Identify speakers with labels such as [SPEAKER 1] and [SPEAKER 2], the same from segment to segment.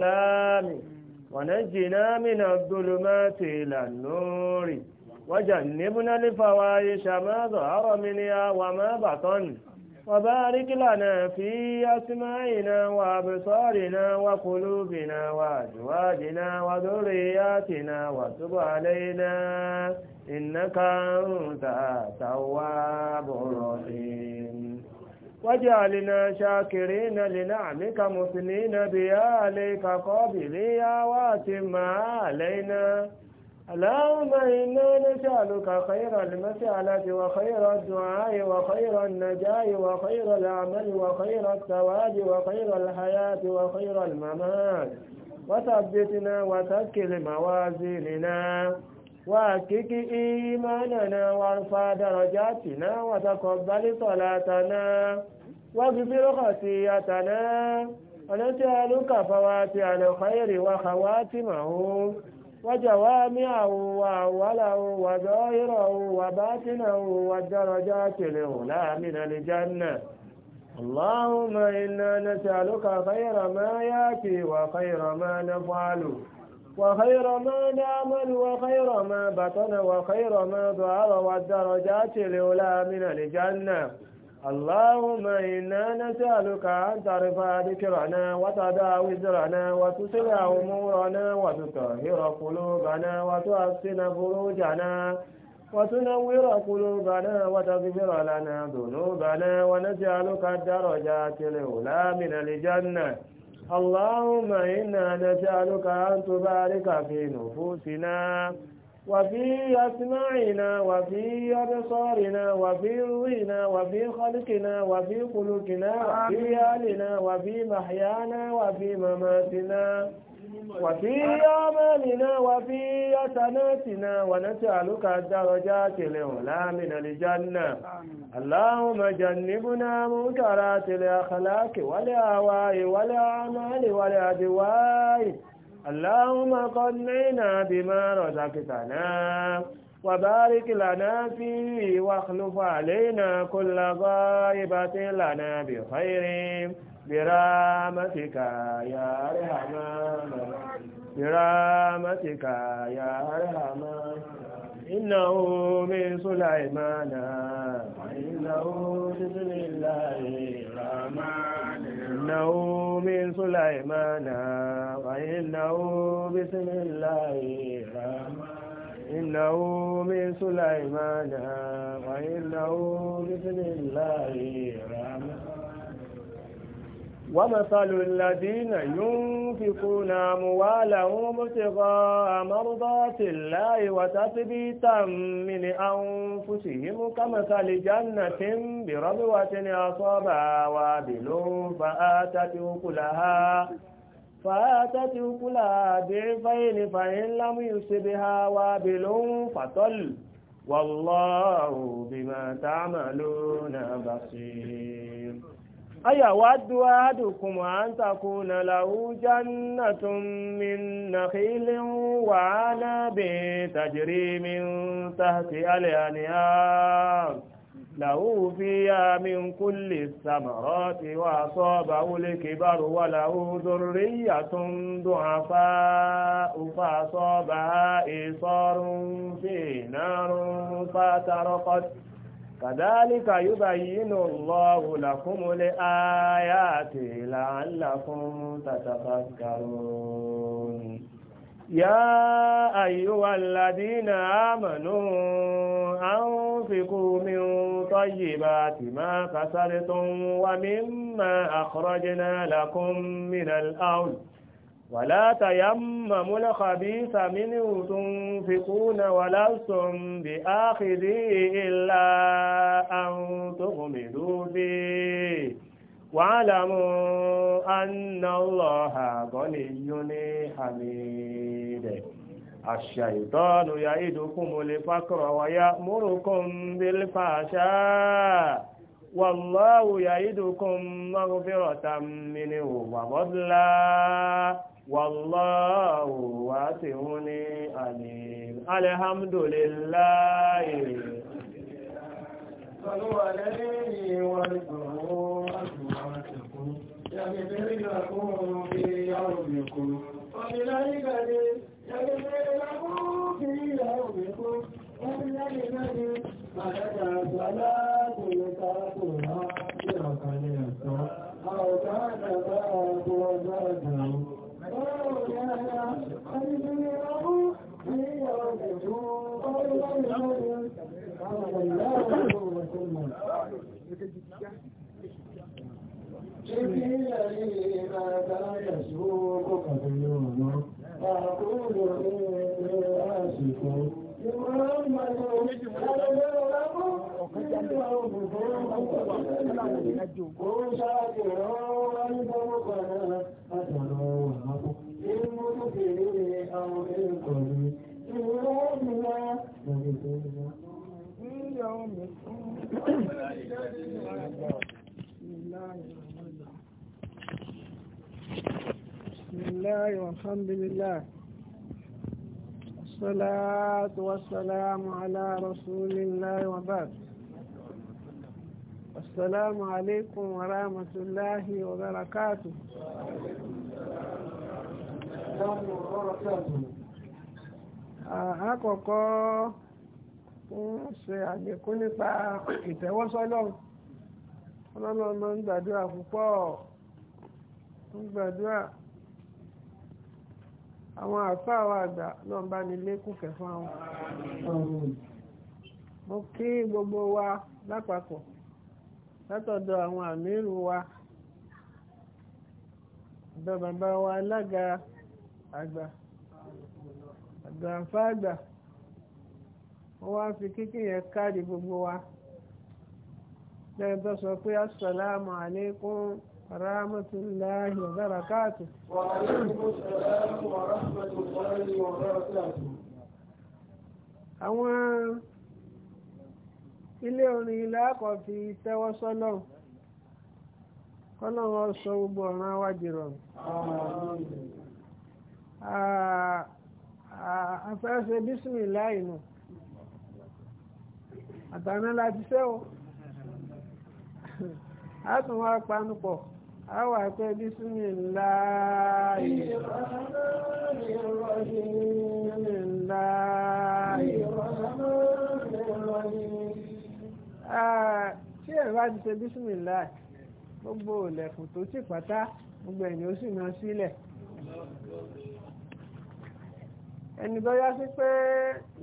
[SPEAKER 1] السلام ونجنا من الظلمات إلى النور وجنبنا الفواحش ما ظهر منها وما بطن وبارك لنا في أسماعنا وأبصارنا وقلوبنا وأزواجنا وذرياتنا وتب علينا إنك أنت التواب الرحيم واجعلنا شاكرين لنعمك مثنين بيا عليك قابليا واتم علينا اللهم إنا نسألك خير المسألة وخير الدعاء وخير النجاة وخير العمل وخير الثواب وخير الحياة وخير الممات وثبتنا وتكل موازيننا واكك إيماننا وارفع درجاتنا وتقبل صلاتنا واغفر خطيئتنا ونسألك فواتع الخير وخواتمه وجوامعه وأوله وظاهره وباطنه والدرجات الأولى من الجنة اللهم إنا نسألك خير ما يأتي وخير ما نفعله وخير ما نعمل وخير ما بطن وخير ما ظهر والدرجات الأولى من الجنة اللهم إنا نسألك أن ترفع ذكرنا وتدع وزرنا وتصلح أمورنا وتطهر قلوبنا وتحسن فروجنا وتنور قلوبنا وتغفر لنا ذنوبنا ونسألك الدرجات الأولى من الجنة اللهم إنا نسألك أن تبارك في نفوسنا وفي أسماعنا وفي أبصارنا وفي رؤينا وفي خلقنا وفي قلوبنا وفي أهلنا وفي محيانا وفي مماتنا وفي أعمالنا وفي حسناتنا ونسألك الدرجات العلى من الجنة اللهم جنبنا منكرات الأخلاق والأهواء والأعمال والأدواء اللهم قنعنا بما رزقتنا وبارك لنا فيه واخلف علينا كل غائبة لنا بخير برامتك يا رحمة برامتك يا رحمة إنه من سليمان وإنه بسم الله الرحمن إنه من سليمان وإنه بسم الله الرحمن إنه من سليمان وإنه بسم الله الرحمن ومثل الذين ينفقون أموالهم ابتغاء مرضات الله وتثبيتا من أنفسهم كمثل جنة بربوة أصابها وابل فآتت أكلها fàátẹ́tì kúlà àbẹ̀rẹ̀ fáyẹ̀lì fàyẹ̀n lámú ìṣẹ́bẹ̀ ha wà bẹ̀ ló ń fàtọ́lù wallahu bima ta'maluna basir ayàwádùú àádùkùn à ń takùnà làwùjá jannatun min nakhilin wa له فيها من كل الثمرات وأصابه الكبر وله ذرية ضعفاء فأصابها إيصار في نار فاترقت كذلك يبين الله لكم الآيات لعلكم تتفكرون يا أيها الذين آمنوا أنفقوا من طيبات ما كسبتم ومما أخرجنا لكم من الأرض ولا تيمموا الخبيث منه تنفقون ولستم بآخذيه إلا أن تغمدوا فيه واعلموا أن الله غني حميد الشيطان يعدكم الفقر ويأمركم بالفحشاء والله يعدكم مغفرة منه وفضلا والله واسع عليم الحمد لله صلوا عليه وسلم يغفر لكم في يومكم وبذلك
[SPEAKER 2] يغفر لكم في يومكم وبذلك مدد الصلاه
[SPEAKER 3] إبليل لي ماذا يسوق قبلونه
[SPEAKER 2] أقول إني آسف لمحمد
[SPEAKER 1] أنا رب
[SPEAKER 2] اليوم فوق قل شاكر لله والحمد لله الصلاة والسلام على رسول الله وبعد السلام عليكم ورحمة الله وبركاته àkọ́kọ́ ń ṣe àgbékún nípa ìtẹ́wọ́sọ́lọ́run ọlọ́lọ́ máa ń gbàdúrà púpọ̀ ń gbàdúrà àwọn àfáà wa àgbà náà bá ní lékùnkẹ̀ fún àwọn mo kí gbogbo wa lápapọ̀ látọ̀dọ̀ àwọn àmìrù wa ọ̀dọ̀ bàbá wa alága àgbà àgbà àfáàgbà wọ́n wá fi kíkí yẹn káàdì gbogbo wa lẹ́yìn tó sọ pé assalamu alaikum ورحمة الله وبركاته وعليكم السلام ورحمة الله وبركاته àwọn ile orin ìlàkọ̀ fi so sọ́nà kọ́lọ́wọ́ sọ gbogbo ọ̀ràn wájìrọ̀ afẹ́fẹ́ bísmì láìnà àtàná láti sẹ́wọ́ a tún a wà pé bismillah ah, tí ẹ̀ bá ti ṣe bismillah gbogbo ìlẹ̀kùn tó ti pátá gbogbo ẹ̀yìn ó sì máa sílẹ̀ ẹni bá yá sí pé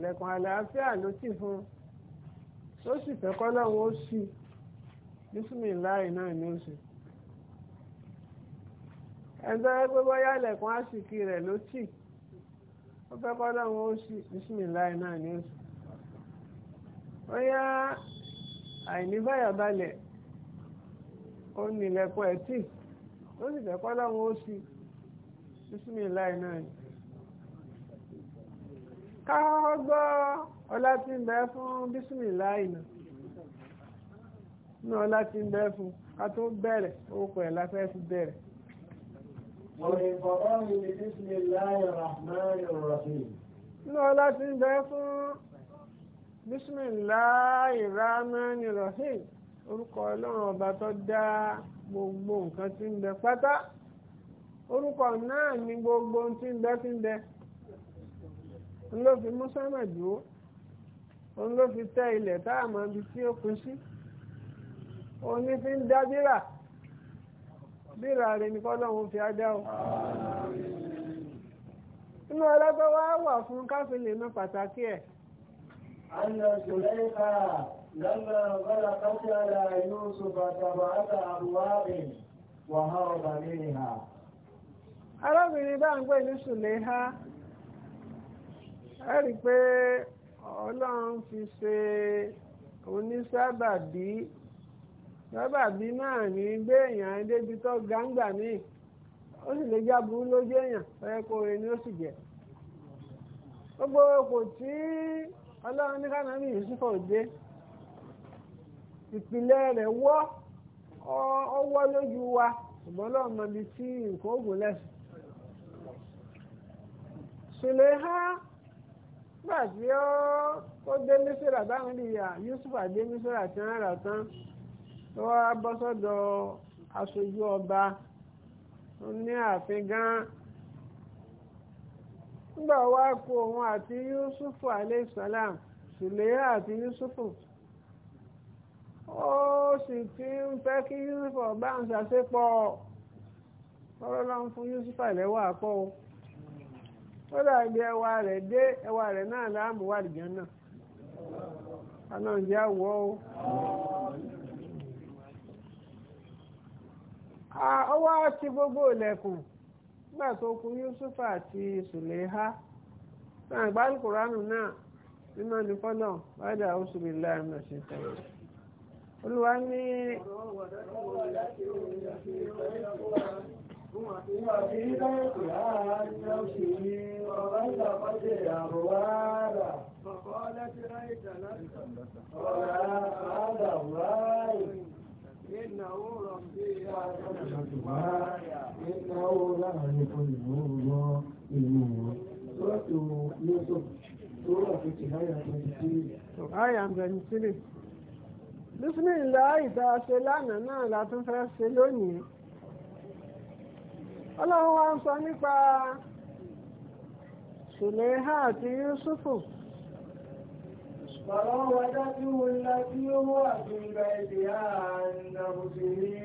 [SPEAKER 2] lẹ̀kùn àlàáfíà ló tì fún tó sì fẹ́ kọ́ lọ́wọ́ ó sì bísímìláì náà ni ó sì ẹ̀ńtọ́ yẹ pé bóyá ilẹ̀kùn àṣìkí rẹ̀ ló tì ó fẹ́ ó sì bísímìláì náà ní oṣù bóyá àìní báyàbalẹ̀ ó ní ilẹ̀kùn ẹ̀ tì ó sì fẹ́ ó sì bísímìláì náà ní. ká ọlá tí ń bẹ fún bísímìláì náà ní ọlá tí ń la fi
[SPEAKER 1] ولانفضاله
[SPEAKER 2] بسم الله الرحمن الرحيم lọ́la ti ń bẹ fún bisimilahi rahim orúkọ ọlọ́run ọba tó dá gbogbo nǹkan tí ń bẹ pátá orúkọ náà ni gbogbo tí ń bẹ tí ń bẹ òun ló fi mú sánmà dúró òun ló fi tẹ ilẹ̀ tá a mọ ibi tí ó pin sí òun ní fi ń dá bírà bíra rẹ̀ ní kọ́lọ́hún fi ádá o inú ọlọ́gbọ́ wá wà fún káfí lè mú pàtàkì ẹ̀. ha. Arábìnrin bá ń pè ní Sulaika, ẹ rí pé Ọlọ́run fi ṣe onísábàbí sábàbí náà ní gbé èèyàn débi tó gáǹgbà mi ó sì lè jáburú lójú èèyàn ni ó sì jẹ́ gbogbo kò tí ọlọ́run ní kánábì Yùsúfù dé ìpìlẹ̀ rẹ̀ wọ́ lójú wa ṣùgbọ́n lọ́wọ́ mọbi tí nǹkan ha, lẹ́sìn Sùlẹ́hà gbà tí ó dé mísírà báwọn ìyá Yusuf àdé mísírà tí tó wá bọ́ sọ́dọ̀ aṣojú ọba ó ní ààfin gan nígbà wá kó òun àti Yusufu aleyhisalaam sùlẹ́yà àti Yusufu ó sì ti ń fẹ́ kí Yusufu ọba ń ṣàṣepọ̀ ọ̀rọ̀ fún Yusufu àlẹ́wà pọ̀ o ó dàbí ẹwà rẹ̀ dé ẹwà rẹ̀ náà láàmú wà náà ọlọ́run jẹ́ o. wá ti gbogbo ilẹ̀kùn nígbà yusuf àti Suleha náà gbálù kùránù náà nínú ìfọ́nà wádà oṣù bìlá ẹ̀mọ̀ sí tẹ̀lé olúwa ní
[SPEAKER 3] Ọ̀rọ̀ àádọ́ wáyé. إنه ربي إنه لا يكون الله
[SPEAKER 2] إنه سورة يوسف سورة آية 23 بسم الله ìta ṣe lánàá náà la tún fẹ́ ṣe lónìí ọlọ́run wa ń sọ nípa Sùlẹ́hà àti Yúsùfù فراودته التي هو في بيتها عن نفسه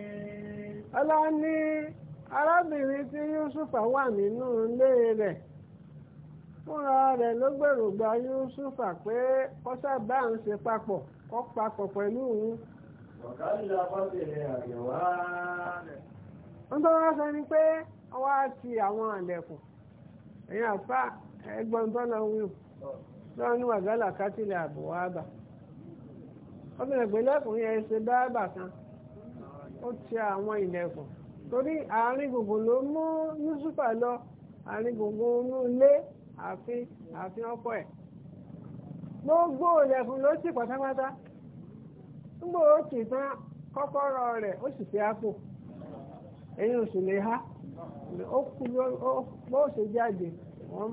[SPEAKER 2] arábìnrin tí yúsùfà wà nínú ilé rẹ̀ fúnra rẹ̀ ló gbèrògbà yúsùfà pé kọ́sà bá ń ṣe papọ̀ kọ́ papọ̀ pẹ̀lú òun.
[SPEAKER 1] ọ̀gáyà bọ́bìnrin àgbẹ̀wá
[SPEAKER 3] rẹ̀.
[SPEAKER 2] ń tó wá sọ ni pé wọ́n ti àwọn àlẹ̀kùn ẹ̀yìn ẹgbọ́n sọ́nù àgálà kátìlẹ̀ àbùwá àbà obìnrin ìgbélẹ́kùnrin ẹ̀ ṣe báàbà kan ó ti àwọn ilẹ̀kùn torí àárín gbùngbùn ló mú yusufa lọ àárín gbùngbùn inú ilé a àfin ọkọ ẹ̀ gbogbo ilẹ̀kùn ló sì pátápátá gbogbo ó ti tán kọ́kọ́rọ́ rẹ̀ ó sì fi àpò ẹ̀yìn oṣù ha ó kú bó ṣe jáde wọ́n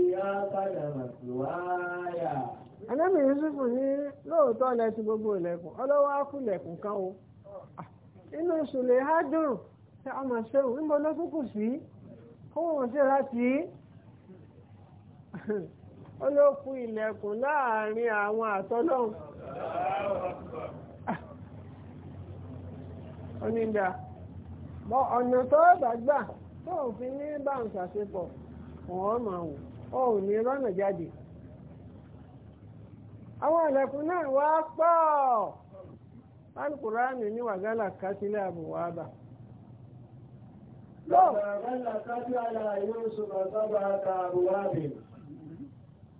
[SPEAKER 2] lóòótọ́ lẹ gbogbo ilẹ̀kùn ọlọ́wọ́ ákùlẹ̀kùn kan o ah, inú sùlẹ̀ á dùn ọmọ ṣeun níbo ló tún sí kó wọn láti olókun ilẹ̀kùn láàrin àwọn àtọ́lọ́hùn ah, ọ̀nà tó gbàgbà tó ò ní rọ́nà àwọn àlẹ̀kùn náà wá pọ̀ alukùránì ní wàgálà kásílẹ̀ àbùwábà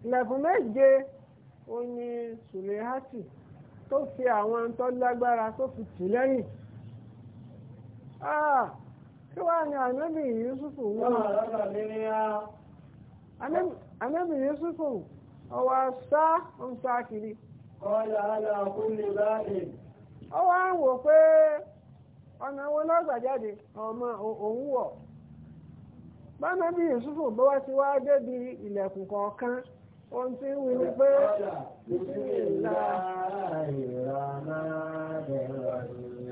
[SPEAKER 2] ilẹ̀kùn méje ó ní sùlẹ̀hátì tó fi àwọn tó lágbára tó fi tì lẹ́yìn ah, kí wàá ní ànábì Yúsúfù
[SPEAKER 1] wọ́n
[SPEAKER 2] ànábì Yúsúfù ọwọ́ sá ń sá kiri.
[SPEAKER 1] kọ́lá aláàkú lè
[SPEAKER 2] ń wò pé ọ̀nà wọn jáde ọmọ òun wọ̀. báná bí Yusufu bó wá ti wá débi ilẹ̀kùn
[SPEAKER 1] kọ̀ọ̀kan ohun tí ń wí pé.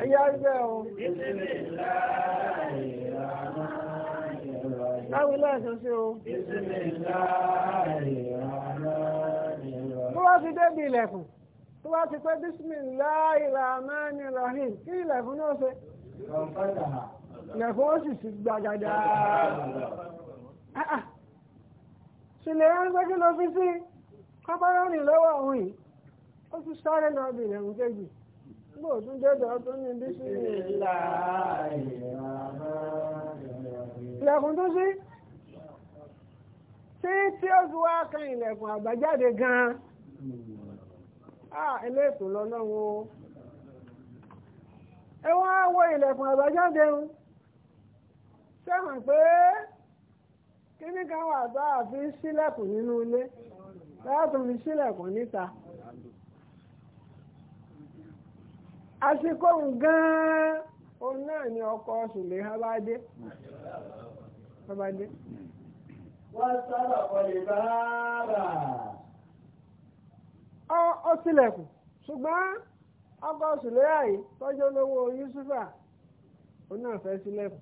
[SPEAKER 1] ẹ̀yà ẹgbẹ́ ẹ̀sán sí
[SPEAKER 3] bá
[SPEAKER 2] ti débi ilẹ̀kùn tó bá ti pé bisimilahi rahmani rahim kí ilẹ̀kùn náà ṣe ilẹ̀kùn ó sì sí gbàgàdà ah, ah. ṣìlẹ̀ ránṣẹ́ kí ló fi sí kọ́pọ́rọ́ rìn lọ́wọ́ òun yìí ó tún sáré lọ bí ilẹ̀kùn kejì nígbà òtún dédọ̀ tó ní bisimilahi ilẹ̀kùn tó sí tí tí ó fi wá kan ilẹ̀kùn àbájáde gan Ah, eléètò lọ́lọ́run o ẹ wọ́n á wọ ilẹ̀kùn àbájáde ń sẹ́wọ̀n pé kíní kan wà bá àfi sílẹ̀kùn nínú ilé láti fi sílẹ̀kùn níta àsìkò gan-an o náà ni ọkọ̀ ṣùlẹ̀ abádé abádé. wọ́n sábà kọ́lé bá rà. ọ tilẹ̀kùn ṣùgbọ́n ọkọ sùlẹ́yà yìí yusufa ó náà fẹ́ sílẹ̀kùn.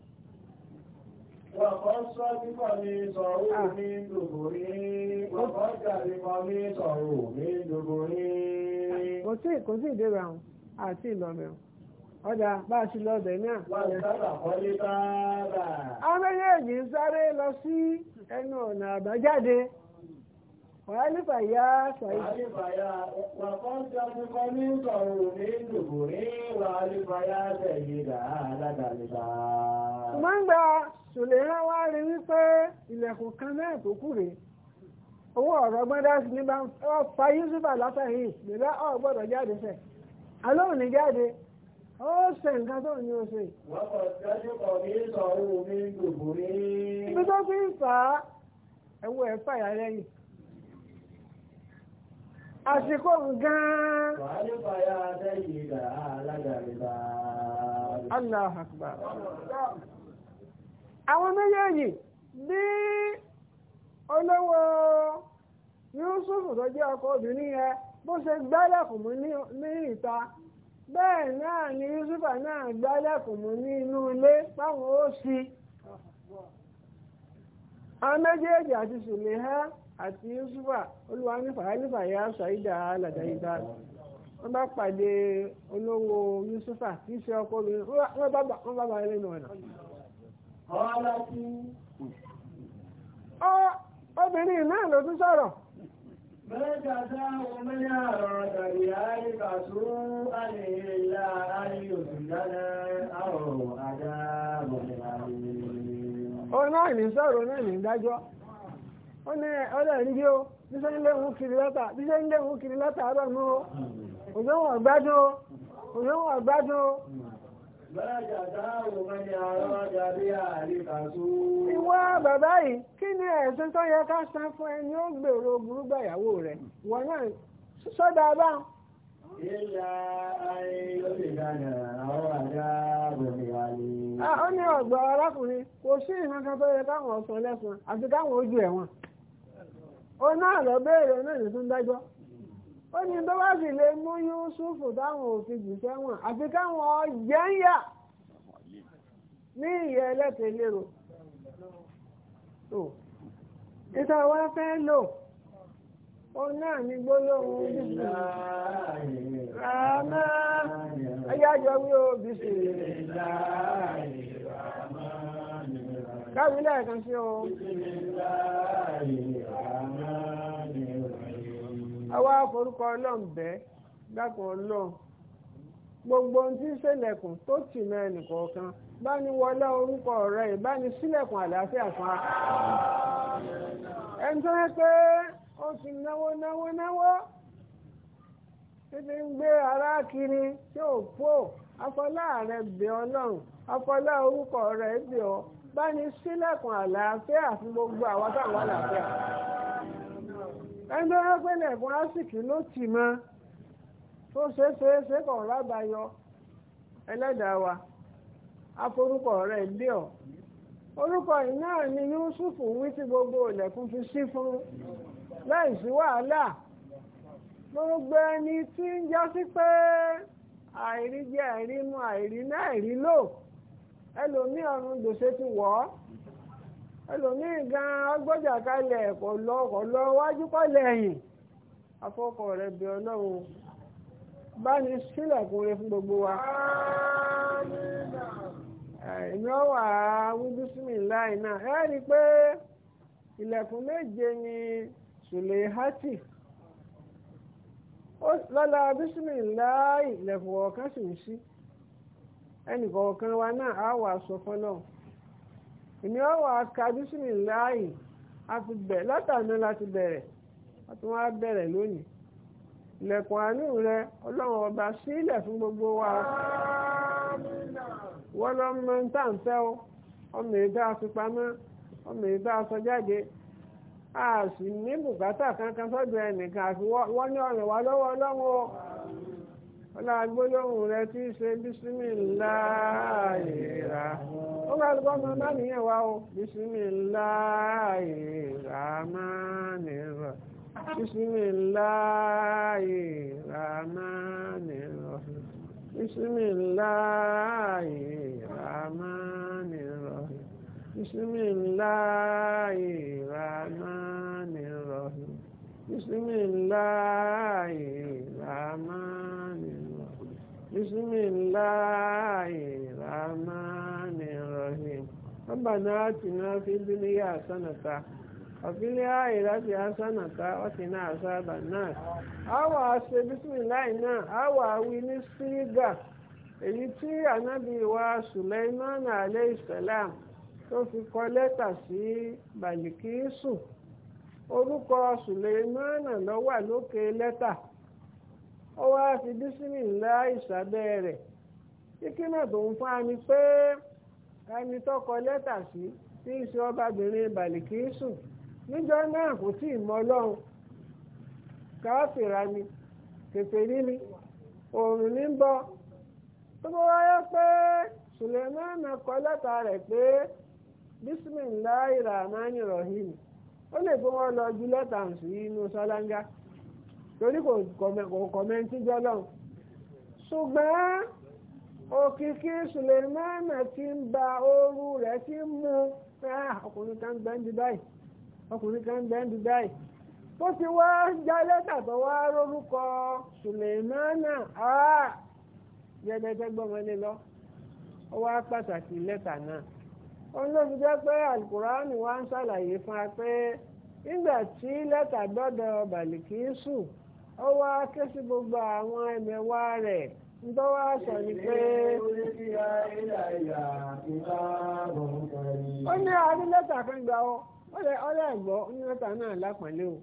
[SPEAKER 1] Wọ̀kọ́ sọ kíkọ́ ní sọ̀rọ̀ mi ní sọ̀rọ̀ mi dògòrí.
[SPEAKER 2] Kò sí kò sí àwọn àti ọjà bá a ṣe Àwọn ń sáré lọ sí ẹnu ọ̀nà àbájáde. wàhálìfà yá sàyí. wàhálìfà
[SPEAKER 1] yá wàkàn jáde kọ́ ní sọ̀rọ̀ ní ìdòbò ní wàhálìfà yá sẹ̀yìn dà aládàlíbà.
[SPEAKER 2] ṣùgbọ́ngbà sùlẹ̀hán wá rí wípé ilẹ̀kùn kan náà tó kù rèé owó ọ̀rọ̀ gbọ́dá sí ní bá ń fa yusufa látàrí ìgbèlá ọ̀ gbọ́dọ̀ jáde fẹ́ alóhùn ní jáde ó ṣe nǹkan tó ní oṣù ibi tó fi ń fà á ẹwọ́ ẹ̀ fàyà àsìkò gan-an.
[SPEAKER 1] Allahu Akbar.
[SPEAKER 2] Àwọn méjèèjì bí olówó Yusuf tó jẹ́ ọkọ obìnrin yẹn bó ṣe gbálẹ̀kùn mú ní ìta bẹ́ẹ̀ náà ni Yusufa náà gbálẹ̀kùn mú ní inú ilé páwọn ó sí. Àwọn méjèèjì àti Sùlẹ̀ hẹ́. àti yusufa olúwa nífà nífà ya ṣàyídà alàdáyídá wọ́n bá pàdé olówó yusufa kì ṣe ọkọ obìnrin wọ́n bá bá lẹ́nu ọ̀nà. obìnrin náà ló tún
[SPEAKER 1] sọ̀rọ̀. Mẹ́ta
[SPEAKER 2] náà ní sọ̀rọ̀ ọ̀nà ẹ̀rí bí ó bí sẹ́yìn lẹ́hùn kiri látà àárọ̀ o òjò wọn gbádùn o òjò wọn gbádùn bàbá yìí kí ni ẹ̀sùn tó yẹ ká san fún ẹni ó gbèrò burúgbà ìyàwó rẹ̀ wọ́n
[SPEAKER 1] ayé ló lè dáná àwọn àdá bòmí wáyé.
[SPEAKER 2] Ó ní ọ̀gbọ́n arákùnrin kò sí ìrìnàkan tó yẹ káwọn ọ̀sán àti káwọn ó náà lọ béèrè náà ní tún dájọ́ ó ní tó bá sì lè mú Yúsúfù táwọn òfin jù sẹ́wọ̀n àfi káwọn ọ̀jẹ̀ ní ìyẹ́ ẹlẹ́tẹ̀lérò ìta wá fẹ́ lò ó bísí ràmá ayájọ wí àwa forúkọ ọlọ́run bẹ́ẹ̀ dákun gbogbo ohun tí ń ṣẹlẹ̀kùn tó tì náà nìkọ̀ọ̀kan bá ní wọlé orúkọ ọ̀rẹ́ ẹ̀ bá ní sílẹ̀kùn àlàáfíà fún ẹni tó yẹ pé ó ti náwó náwó náwó títí ń gbé ara kiri tí ò pò afọlá ààrẹ bẹ̀ ọlọ́run afọlá orúkọ ọ̀rẹ́ bẹ̀ ọ bá ní sílẹ̀kùn àlàáfíà fún gbogbo àwọn táwọn àlàáfíà. ẹni tó rẹ́ pẹ́lẹ̀ fún ásìkì ló tì mọ́ tó ṣe ṣe é ṣe kàn rábàyọ ẹlẹ́dàá wa aforúkọ rẹ̀ lé ọ̀ orúkọ yìí náà ni Yúsùfù wí tí gbogbo ilẹ̀kùn fi ṣí fún láì sí wàhálà gbogbo ẹni tí ń já sí pé àìrí jẹ àìrí mu àìrí náà àìrí lò ẹlòmíì ọ̀run gbèsè ti wọ̀ ọ́. ẹlòmíì gan agbọ́jà kalẹ̀ kò lọ kò lọ wájú kò lẹ́yìn afọ́kọ rẹ̀ bí ọlọ́run bá ní fún gbogbo wa. èmi ọ wà láì náà rí i pé ilẹ̀kùn ni sùlẹ̀hátì lọ́la bísímì láì ilẹ̀kùn ọ̀kan sì ń wa náà á wà sọ fọlọ́run. èmi ọwọ́ akadúsùnì láàyè látàná láti bẹ̀rẹ̀ a tún wá bẹ̀rẹ̀ lónìí ilẹ̀kùn àánú rẹ ọlọ́run ọba sílẹ̀ fún gbogbo wa wọ́n lọ mọ tá ń fẹ́ o ọmọ èdè àfipamọ́ ọmọ a sì ní bùkátà kankan sọ́dọ̀ ẹnìkan àfi wọ́n ní wa lọ́wọ́ ọlọ́run ọlágbóyòhùn rẹ tí í ṣe bísímìláì rà ó bá lọ́kọ́ ọmọ bá nìyẹn wá o bísímìláì rà máa nìrọ̀
[SPEAKER 1] bísímìláì rà máa nìrọ̀ bísímìláì rà máa nìrọ̀
[SPEAKER 2] bísímìláì rà máa nìrọ̀
[SPEAKER 1] bísímìláì rà máa nìrọ̀. بسم الله الرحمن الرحيم
[SPEAKER 2] ربنا آتنا في الدنيا حسنة وفي الآخرة حسنة وقنا عذاب النار àwọn àṣẹ bísímìláì náà àwọn àwí ní sírígà èyí tí ànábì wa Suleiman alayhi salam tó fi kọ orúkọ Suleiman ló lókè lẹ́tà. ó wá fi bísímì ńlá ìsàbẹ̀ rẹ̀ to tó ń fún ami pé ẹni kọ lẹ́tà sí tí í ṣe ọbabìnrin bàlìkísù níjọ náà kò tí ì mọ ọlọ́run káfíra ni kèfèrí ni òòrùn ní tó bá wáyé pé Suleiman kọ lẹ́tà rẹ̀ pé bisimilahi ó lè fún wọn lọ ju lẹ́tà sí inú torí kò kọ̀mẹ́ntì jọlọ́n ṣùgbọ́n òkìkí Sulemana ti ń ba ooru rẹ̀ ti ń mú ah, ọkùnrin kan bẹ́ẹ̀ ń di báyìí ọkùnrin kan bẹ́ẹ̀ ń di báyìí tó ti wá já lẹ́tà tó wá rórúkọ Sulemana ah, yẹ́dẹ́gbẹ́ gbọ́mọlé lọ ó wá pàtàkì lẹ́tà náà òun ló fi jẹ́ pé alukùránì wá ń ṣàlàyé fún wa pé nígbà tí lẹ́tà gbọ́dọ̀ bàlìkì sùn a wá ké gbogbo àwọn ẹ̀mẹ̀wá rẹ̀ ń tó sọ ní pé ó ní adé lẹ́tà kan gbà ọ ẹ̀gbọ́ ní lẹ́tà náà lápàlẹ́ o.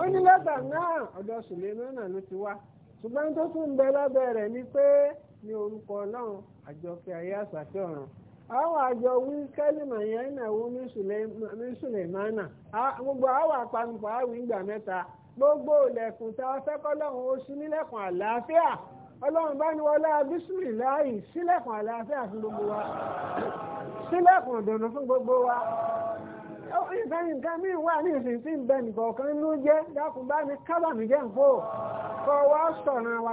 [SPEAKER 2] ó ní lẹ́tà náà ọ̀dọ̀ ló ti wá ṣùgbọ́n tó tún ń bẹ lábẹ́ rẹ̀ ni pé ní orúkọ Ọlọ́run ayé ọ̀run àwọn àjọ wí kẹ́lìmọ̀ yẹn ìnáwó ní gbogbo àwọn ìgbà mẹ́ta gbogbo ilẹ̀kùn tá a fẹ́kọ́ lọ́hùn nílẹ̀kùn àlàáfíà ọlọ́run bá ní wọlé láàyè sílẹ̀kùn àlàáfíà fún gbogbo wa sílẹ̀kùn fún gbogbo wa ìfẹ́ nǹkan míì wà ní ìsìn tí ń bẹ ló jẹ́ dákun bá ní kábàmì jẹ́ nǹkó kọ́ wa sọ̀rọ̀ wa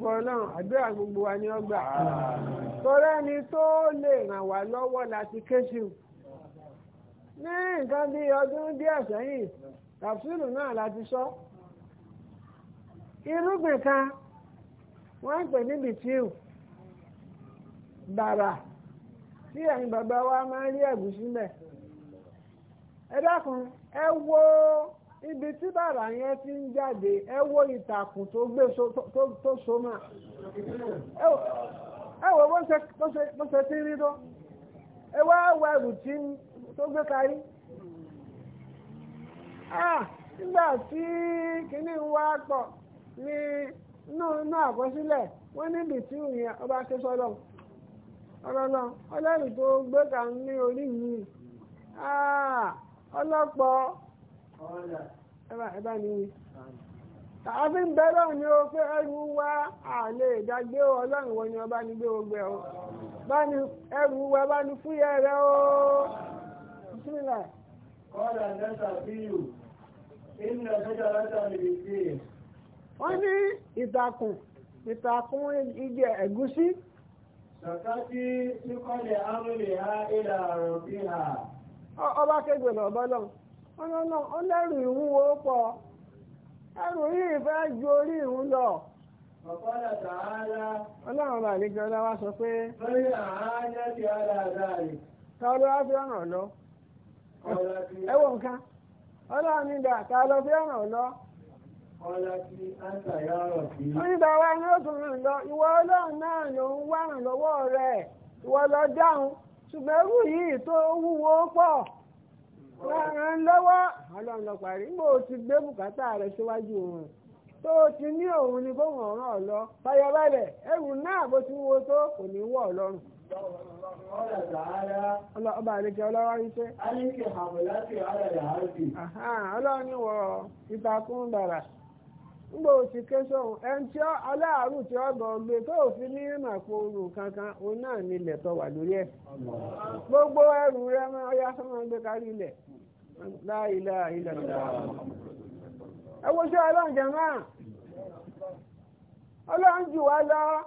[SPEAKER 2] ògùn ọlọ́run àdúrà gbogbo wa ni ó gbà torí ẹni tó lè ràn wá lọ́wọ́ láti kéṣù ní nǹkan bí ọdún díẹ̀ sẹ́yìn kàpsúlù náà láti sọ irúgbìn kan wọ́n ń pè ní bìtíù bàrà tí ẹ̀yin bàbá wa máa rí ẹ̀gúsí mẹ́ ẹ ẹ wo ibi tí bàrà yẹn ti ń jáde ẹ wo ìtàkùn tó gbé tó so mọ́ ẹ wo bó ṣe ti rí tó ẹ wá wọ ẹrù tí tó gbé kárí ah, nígbà tí kìíní ń wá pọ̀ ní inú àkọsílẹ̀ wọ́n níbi tí ìyẹn ọba ké sọ́lọ́ ọlọ́lọ́ ọlẹ́rù tó gbé kà ń ní orí yìí ah, ọlọ́pọ̀ ẹ̀bá ẹ̀bá ni wí. tàbí ń bẹ̀rẹ̀ ni ó pé ẹrù wa àlè ìdágbé ọlọ́run wọn ni ọba ní gbé ogbẹ o bá ní ẹrù wa bá ní fúyẹ́ rẹ o. bismillah. kọ́lá nẹ́ta
[SPEAKER 1] fíyù inú ẹ̀fẹ́jà láta mi lè fi.
[SPEAKER 2] wọ́n ní ìtàkùn ìtàkùn igi ẹ̀gúsí. ọba kẹgbẹ̀rẹ̀ ọba lọ́wọ́. ọlọ́nà ó lẹ́rù wo pọ̀ ẹrù ju orí ìhun lọ. ọlọ́run bá lè jọ lọ́wọ́ sọ pé. lórí àájá fi ọ̀nà lọ. nǹkan ọlọ́run nígbà fi lọ. a ní bàbá lọ ìwọ ọlọ́run náà ló ń wá lọ́wọ́ rẹ̀ ìwọ lọ dáhùn ṣùgbọ́n yìí tó wúwo pọ̀. ràn lọ́wọ́ ọlọ́run lọ mo ti gbé bùkátà rẹ síwájú wọn tó ti ní òun ni bóun ọ̀ràn ọ̀lọ́ fàyọ̀bẹ̀rẹ̀ ẹrù náà bó ti wo tó kò ní wọ̀ ọlọ́run. ọba àlejò ọlọ́wọ́ ṣe. a ní kí ọ̀rẹ́ rẹ̀ ọlọ́run ni mgbe otu kẹsàn-án ẹni tí aláàárù tí ó bọ̀ gbé tó kankan òun náà ní ilẹ̀ tó gbogbo ẹrù rẹ ma ọyá sọ́mọ́ gbé kárí ilẹ̀ láìlà ilẹ̀ ẹ wo ṣé ọlọ́njẹ náà lọ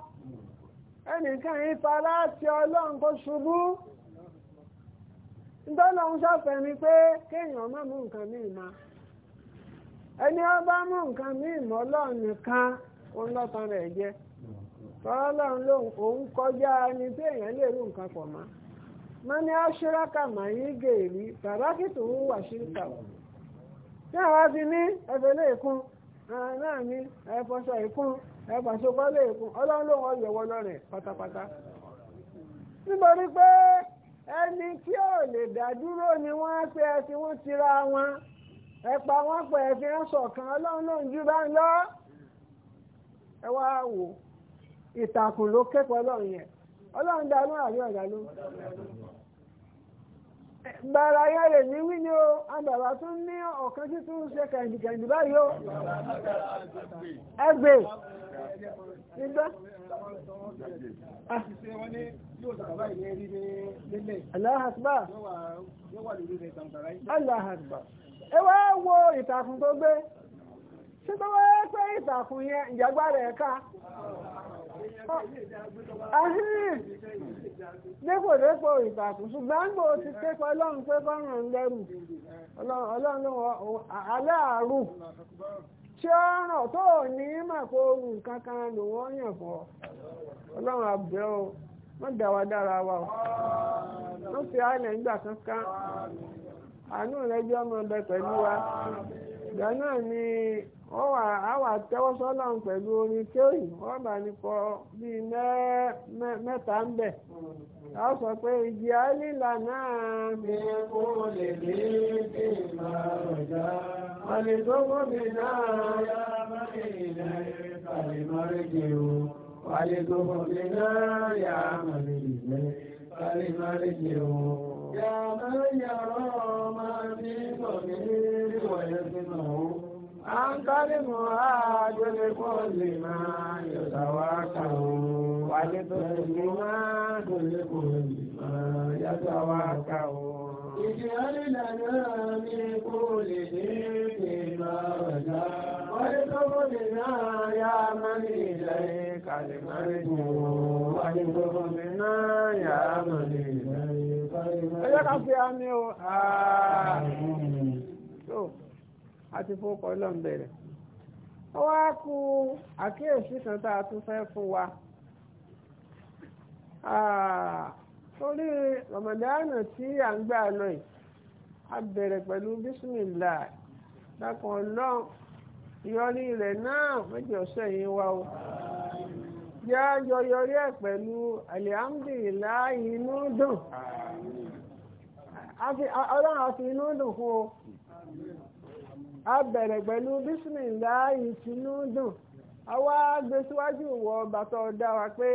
[SPEAKER 2] ẹnìkan ipa láti ọlọ ṣubú ni pé ẹni ọbaamu mú nǹkan mí ìmọ̀ ọlọ́run nìkan òun lọ́tàn rẹ̀ jẹ́ ló kọjá ẹni tí èèyàn lè rú nǹkan pọ̀ mọ́ mọ́ ní aṣíraka màáyí gèèrí bàbá kìtù ń wà fi ní ẹfẹlẹ́ ìkún náà ní ẹfọṣọ ìkún ìkún ọlọ́run ló pátápátá nítorí pé ẹni tí ò lè ni wọ́n á pé ẹsìn tira wọn. ẹ̀pà wọn pẹ̀ ẹ̀fẹ́ sọ̀kan ọlọ́run náà bá ń lọ ẹ wá wò ìtàkùn ló kẹ́kọ̀ọ́ ọlọ́run yẹn ọlọ́run dá lóhùn gbàrà ayé rẹ̀ ní wí o àgbàrá tún ní ọ̀kan tí tún ṣe kẹ̀ǹdìkẹ̀ǹdì báyìí o ẹgbẹ́ ẹ wá wo ìtàkùn tó gbé ṣé tó wá pé ìtàkùn yẹn ìjàgbára ẹ̀ ká ìtàkùn ṣùgbọ́n gbò ti ké pé pé kọ́rùn ń lẹ́rù ọlọ́run ló wọ aláàárù tí ó ràn tó ní mà ohun o wọ́n dá dára wa o wọ́n fi ń gbà àánú rẹ jẹ́ ọmọ ọbẹ̀ pẹ̀lú wa ìgbà náà ni àwa tẹ́wọ́ sọ́lọ́run pẹ̀lú orin kéwì wọ́n bà ní kọ bíi mẹ́ta ń bẹ̀ a sọ pé ìjì alílà náà ní kó lè ní kí n máa
[SPEAKER 1] mi náà bá يا من يرى ما في صغير ويسمعه أنت المهاج لكل ما يتواكه ولتسلم لكل ما يتواكه
[SPEAKER 2] اجعل لنا من كل ذنب ما رجا ولتغفرنا يا من إليك
[SPEAKER 1] المرجو ولتغفرنا يا من إليك ẹ jẹ́ ká
[SPEAKER 2] fi àmì o so àti fowópọ̀ ọlọ́run bẹ̀rẹ̀ ó wá kú àkíyèsí kan tá a tún fẹ́ fún wa ah, torí rọmọdánù tí à ń gbà lọ yìí a bẹ̀rẹ̀ pẹ̀lú bísímìlà dákan ọlọ́run ìyọrí rẹ̀ náà méjì ọ̀sẹ̀ yìí wá o. jẹ́ àjọyọrí ẹ̀ pẹ̀lú alihamdulilayi inú dùn ọlọ́run a fi inú dùn fún o a bẹ̀rẹ̀ pẹ̀lú bísímìláyì tinú dùn a wá gbé wọ bàtọ̀ pé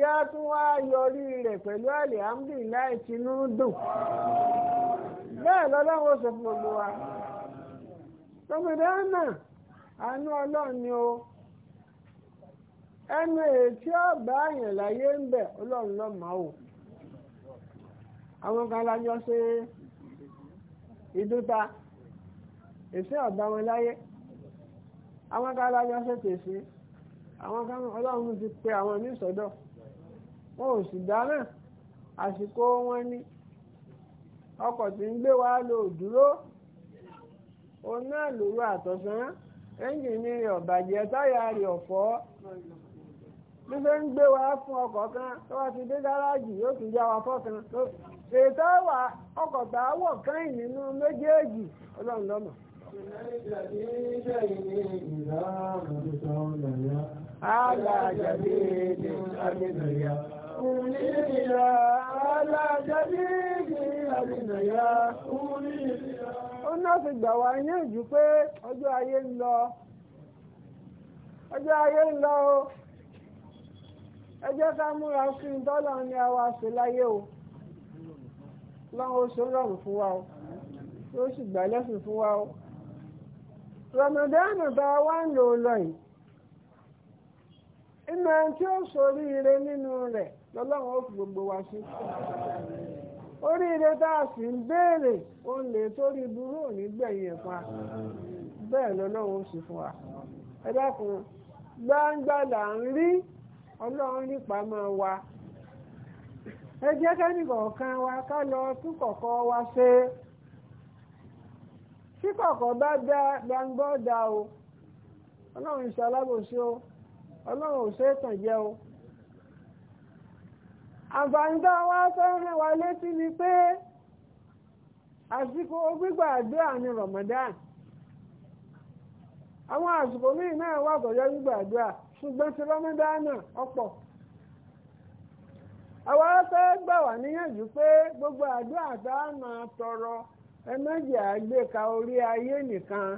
[SPEAKER 2] yá tún wá yọrí rẹ̀ pẹ̀lú alihamdulilayi tinú dùn bẹ́ẹ̀ lọ́lọ́run sọ fún gbogbo wa ni o. ẹnu ètí ọ̀gbà àyàn láyé ń bẹ̀ ọlọ́run ma máa wò àwọn kan ṣe ìdúta èsì wọn láyé àwọn ka ṣe tèsí àwọn kan ọlọ́run ti pe àwọn ní ìsọ̀dọ̀ wọn ò sì dá àsìkò wọn ni ọkọ̀ tí ń gbé wa lò dúró òun náà lòrú àtọ̀sán ẹ́ńjìnì ọ̀bàjẹ́ táyà rẹ̀ ọ̀fọ́ bí ṣe ń wa fún ọkọ̀ kan tó wá ti dé gáràjì yóò tún já wa fọ́kan ètò wà ọkọ̀ tá kẹ́yìn nínú méjèèjì ọlọ́run Ó gbà wá yín jù pé ọjọ́ ayé ń lọ. Ọjọ́ ayé ń lọ o. ẹ jẹ́ ká múra fún dọ́là o lọ́wọ́ oṣù rọrùn fún o tí ó sì gbà lẹ́sìn fún wa o Ramadan bá wá ń lò lọ tí ó nínú rẹ̀ lọ́lọ́run ó gbogbo wa sí oríire tá béèrè òun lè torí burú bẹ́ẹ̀ lọ́lọ́run ó sì fún wa ọlọ́run nípa máa wa ẹ jẹ́ kẹ́nìkọ̀ọ̀kan wa ká lọ tún wa ṣe tí bá dá gbangbọ́ dá o ọlọ́run ìṣẹ́ alábòsí o ọlọ́run ò ṣe tàn jẹ́ o àǹfààní tó wá wa létí ni pé àsìkò Ramadan àwọn àsìkò míì náà wà kọjá ṣùgbọ́n ti rọ́mọdánà ọ̀pọ̀ àwa fẹ́ gbà wá níyànjú pé gbogbo àdúrà tá tọrọ ẹmẹ́jì méjì àgbéka orí ayé nìkan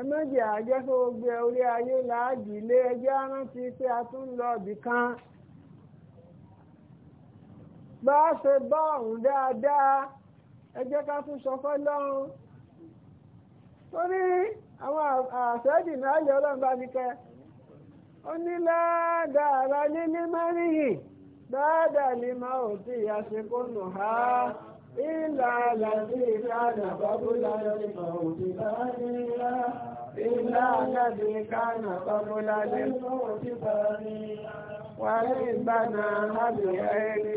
[SPEAKER 2] ẹmẹ́jì méjì àjẹsọ gbé orí ayé láàjì ilé ẹjẹ rántí pé a tún lọ kan bá a ṣe bá ọ̀hún àwọn àṣẹ́dì náà lè ọlọ́run bá ní kẹ́ ó ní ládàára nílé mẹ́rìnyìn dáadáa lè máa ò tí ìyá ṣe kó nù ha ìlà àlàdé ìlànà bábúlá lè máa ò ìlà ìlà àlàdé kánà bábúlá lè
[SPEAKER 1] máa ò ní ìlà wà ní ẹni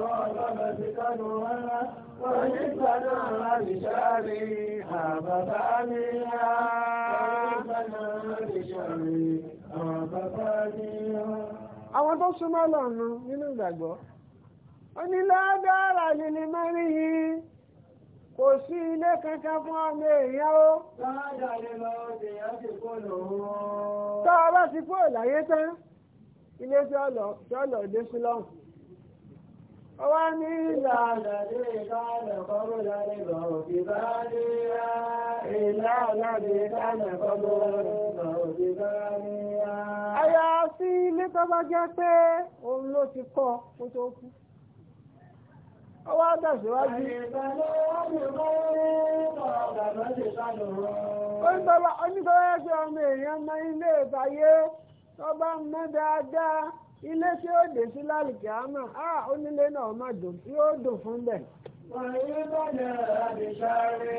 [SPEAKER 1] lọ́ọ̀lọ́lọ́ ti kánú rárá. ونسبنا بشاري
[SPEAKER 2] أبطانيا ونسبنا بشاري
[SPEAKER 1] أبطانيا
[SPEAKER 2] àwọn tó súnmọ́ lọ́nà nínú ìgbàgbọ́ onílàádára nínú mẹ́rin yìí kò sí ilé kankan fún ọmọ èèyàn ó tọ́ ti kó ìlàyé tán ilé tí ọlọ́dé sí lọ́hùn
[SPEAKER 1] ومثل الذي كان قبل
[SPEAKER 2] ilé tó bá jẹ́ pé òun ló ti kọ́ ó tó kú ó wá tẹ̀síwájú onítọ́wọ́ ẹgbẹ́ ọmọ èèyàn mọ ilé ìbáyé tó bá mọ́ dáadáa ilé tí ó dé sí lálùkì àmà á onílé náà má dùn tí ó dùn fún bẹ̀. wọ́n yí àdìsáré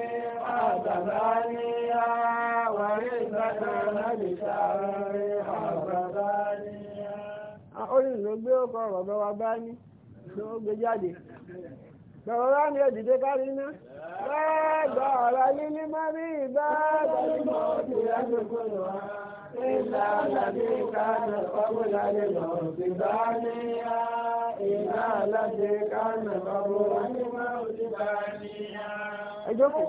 [SPEAKER 2] àgbàbá ní á wọ́n yí àdìsáré
[SPEAKER 1] àgbàbá ní á.
[SPEAKER 2] ló gbé ọkọ bàbá wa bá ní ló gbé jáde bàbá wa ní òdìdé kárí ná. bẹ́ẹ̀ gbọ́ ọ̀rọ̀ lílí
[SPEAKER 3] إلا الذي
[SPEAKER 2] كان قبل الموت بانيا إلا الذي كان قبل
[SPEAKER 1] الموت بانيا ẹ jókòó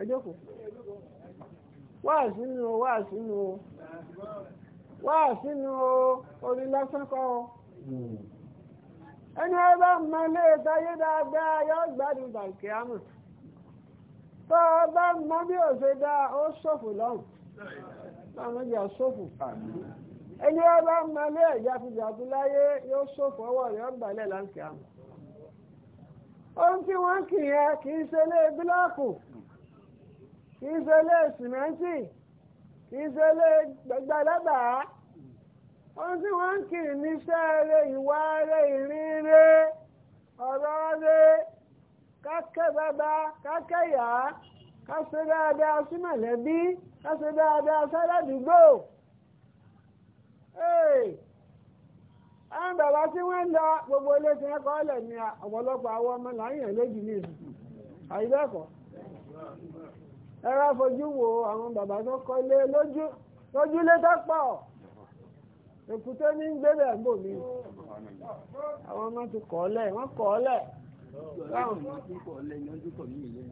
[SPEAKER 2] ẹ jókòó wá sínú o wá sínú o wá sínú o orí lásán kọ́ ọ ẹni ẹ bá mọ ilé dáadáa yóò gbádùn bàǹkì àmọ́ tó o bá mọ bí òṣèdá ó ṣòfò lọ́hùn. àmọ́jà sófò ẹni wọ́n bá ń malẹ́ ẹ̀já fìjàkú láyé yóò sófò ọwọ́ rẹ̀ ọ̀gbàlẹ̀ ohun tí wọ́n kì í ẹ kì í ṣe lé bílọ́ọ̀kù kì ṣe lé kì ṣe lé ohun tí wọ́n kì í níṣẹ́ ìwà ọ̀rọ̀ ká ṣe dáadáa sí mọ̀lẹ́bí ká dáadáa sáládùúgbò àwọn bàbá tí wọ́n ń lọ gbogbo ilé tí wọ́n kọ́ lẹ̀ ọ̀pọ̀lọpọ̀ àwọn ọmọ láyìn lójì ní ìsìnkú àìbẹ́ẹ̀kọ́ ẹ̀rọ fojú wo àwọn bàbá tó kọ́ tó pọ̀ ní ń bò mí àwọn ọmọ ti wọ́n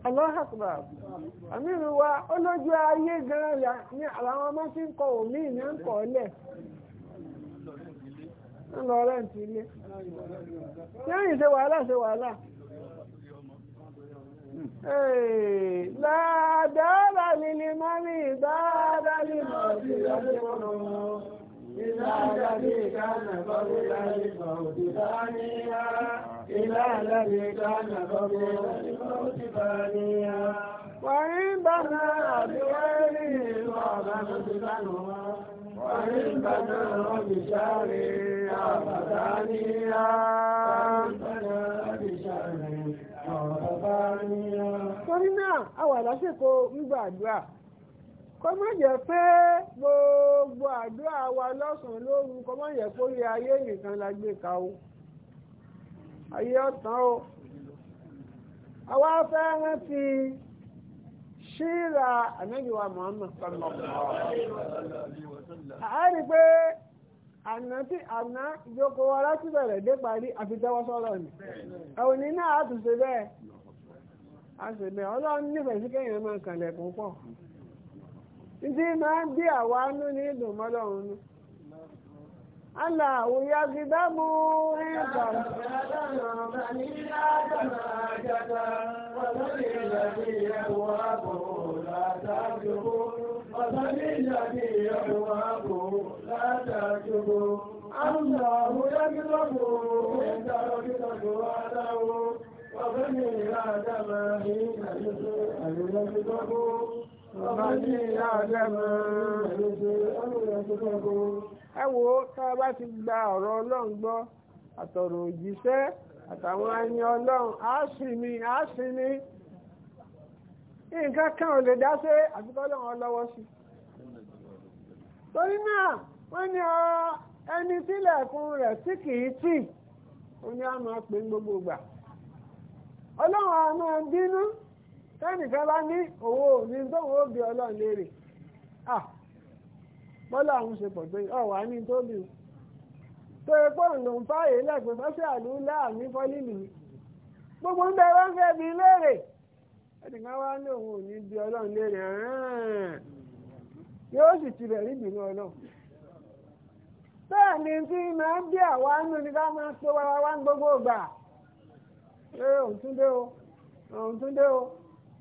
[SPEAKER 2] Allah akbar. Àmìrù wa olójú ayé gan ni àwọn ọmọ tí ń kọ òmí ní ń kọ̀ lẹ̀.
[SPEAKER 3] Ń lọ rẹ̀ǹtì ilé. Lẹ́yìn ṣe
[SPEAKER 2] wàhálà ṣe wàhálà. Láàdáàbà lílì mọ́rí ìbáàdá lílì mọ́rí
[SPEAKER 1] ìbáàdá إلى الذي كان قبل الموت ثانيا إلى الذي كان قبل الموت ثانيا وعندنا بغيره وعظمت بنها وعندنا بشاره عرفتانيا وعندنا بشاره
[SPEAKER 2] عرفتانيا. torí náà a wà lásìkò ń gbàdúrà kó má jẹ́ pé gbogbo àdúrà wa lọ́sàn-án lóru kó má jẹ́ kórí ayé nìkan la gbé ka o ayé ọ̀tán o àwa fẹ́ rántí ṣíra ànábìwá Muhammad àárí pé àná tí àná ìjókòó wa láti bẹ̀rẹ̀ dé parí àfitẹ́wọ́ sọ́rọ̀ ni ẹ̀wọ̀n ní náà á tún ṣe bẹ́ẹ̀ a ṣe bẹ́ẹ̀ ọlọ́run nífẹ̀ẹ́ sí kéèyàn máa kànlẹ̀kùn pọ̀ ìdí máa ń bí àwa nú ní ìdùnmọ́lọ́run nú Àlà àwòyá gidá mú ẹ̀gbà. Àwọn àwòyá gidá mú ẹ̀gbà lọ́gbìdá tó wá ẹ wo tá bá ti gba ọ̀rọ̀ ọlọ́run gbọ́ àtọ̀rọ̀ òjíṣẹ́ àtàwọn ẹni ọlọ́run A sì mí á sì mí nǹkan kan ò lè dá ọlọ́wọ́ sí torí náà wọ́n ẹni rẹ̀ tí kìí tì ó ní àmọ́ pé gbogbo ọlọ́run àmọ́ bínú. tẹ́nìkan bá ní owó òní tóun ó bí ọlọ́run léèrè ah, bọ́lá àwọn ṣe pọ̀ pé ọ̀wà ní tó tó yẹ pé òǹdò ń fáyè lẹ́pẹ́ fẹ́sẹ̀ àlúlá ní fọ́lílì gbogbo ń bẹ wọ́n fẹ́ bí léèrè ẹnìkan wá ní òun òní bí ọlọ́run léèrè yóò sì ti bẹ̀ rí ọlọ́run bẹ́ẹ̀ ni tí máa ń bí àwa gbogbo ìgbà òun tún dé o òun tún dé o.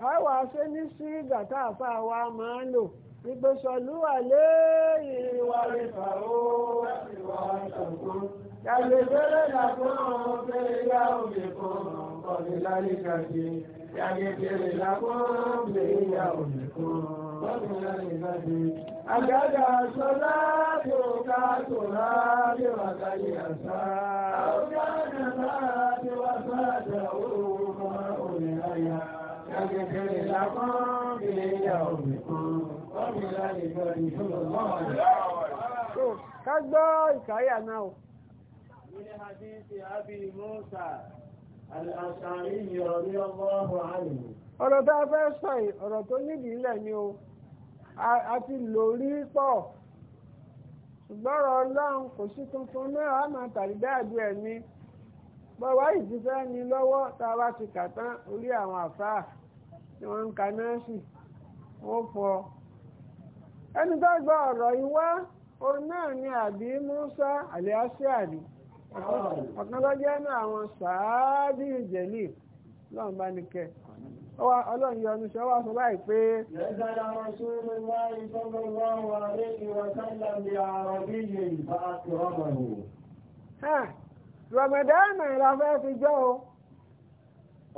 [SPEAKER 2] àwa ṣe ní sí gàtà àfa wa máa ń lò wípé sọlú àlẹ́ ìwà ìfà ó ìwà ìṣàkóso yàgbé fẹ́rẹ́ làkúnà fẹ́ yá òbí kan kọ́ni lálẹ́ kàdé yàgbé fẹ́rẹ́ làkúnà fẹ́ yá òbí kan kọ́ni lálẹ́ kàdé. Àgàgà sọlá tó ká
[SPEAKER 1] tó rà lé wà káyé àṣà. Àwọn ọ̀gá àgbà tó wà sáájà ó máa òrìn àyà. فاستغفر لكم
[SPEAKER 3] بيومكم ومن الجريم الله
[SPEAKER 2] ká gbọ́ ìkáyà náà
[SPEAKER 1] Musa, Al-Ashari Yorùbá Ọlọ́run Àìmù.
[SPEAKER 2] Ọ̀rọ̀ tá a fẹ́ sọ ni o. A ti lò rí pọ̀. Ṣùgbọ́n ọ̀rọ̀ Ọlọ́run kò sí tuntun náà, a máa tàbí dáàbò ẹ̀ ni. Bọ̀wá ìdífẹ́ ni lọ́wọ́ tá a ti kà orí àwọn àfáà ni wọ́n ń ka nọ́ọ̀sì wọ́n fọ ẹni tó gba ọ̀rọ̀ yìí wá òun náà ni àbí Musa aliasiari ọ̀kan ló jẹ́ náà àwọn sàábì ìjẹ̀lì lọ́n bá ní kẹ́ ọlọ́run Ramadan la fẹ́ fi jọ́ o.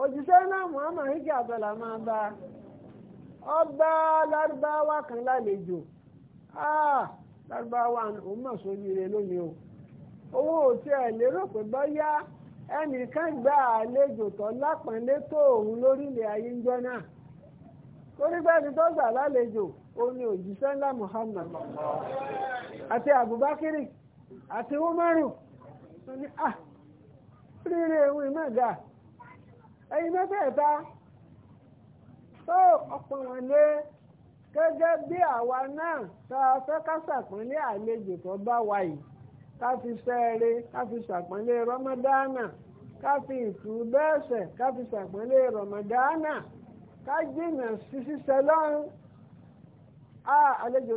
[SPEAKER 2] òjíṣẹ́ náà Muhammad ike abdullah máa bá ọgbà lárúbáwá kan lálejò ah, lárúbáwá òun mọ̀ sóríire lónìí o owó òtí ẹ̀ lérò pé bọ́yá ẹnìkan gba àlejò tó lápọ̀nlé tó òun lórílẹ̀ ayé ń tó gbà lálejò ni òjíṣẹ́ ńlá Muhammad àti Abubakiri àti Umaru ah, rírẹ̀ ewu ẹ̀yin mẹ́fẹ̀ẹ̀ta tó ọ̀pọ̀ wọn lé gẹ́gẹ́ bí àwa náà tá fẹ́ ká ṣàpọ́nlé àlejò tó bá wa yìí ká fi sẹ́ẹ̀rẹ́ ká fi ṣàpọ́nlé rọmọdánà ká fi ìtú bẹ́ẹ̀sẹ̀ ká fi ṣàpọ́nlé rọmọdánà ká jìnà sísí àlejò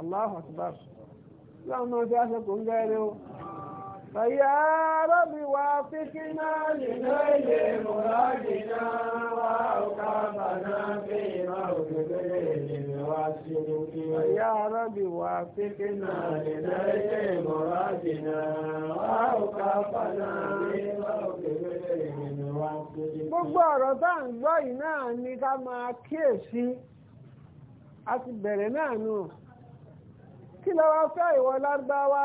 [SPEAKER 2] الله أكبر لأنه جاسة قنجاله فيا رب وافقنا لنيل مرادنا وأوقفنا في موقفه
[SPEAKER 1] واسق يا رب وافقنا لنيل مرادنا gbogbo
[SPEAKER 2] ọ̀rọ̀ tá ń gbọ́ náà ni ká máa kíyèsí a ti bẹ̀rẹ̀ náà nù kí ló wá fẹ́ ìwọ lárúbáwá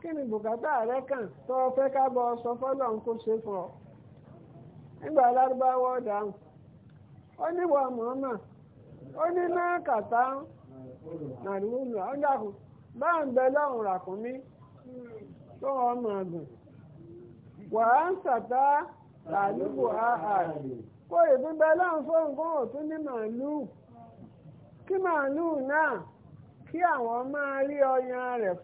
[SPEAKER 2] kí ni bùkátà rẹ kàn tó o fẹ́ ká bọ sọ ń kó ṣe ọ nígbà lárúbáwá ọ̀dà ó onye na-akata narị unu onye ahụ baa mgbe lọhụrụ rakụmi tó ọmọ ọgùn wà á ń sàtá tàlúbù àhàrì kó ìbúgbẹ́ lọ́n fún ma ọ̀tún ní màálùú kí màálùú náà kí àwọn máa rí ọyàn rẹ̀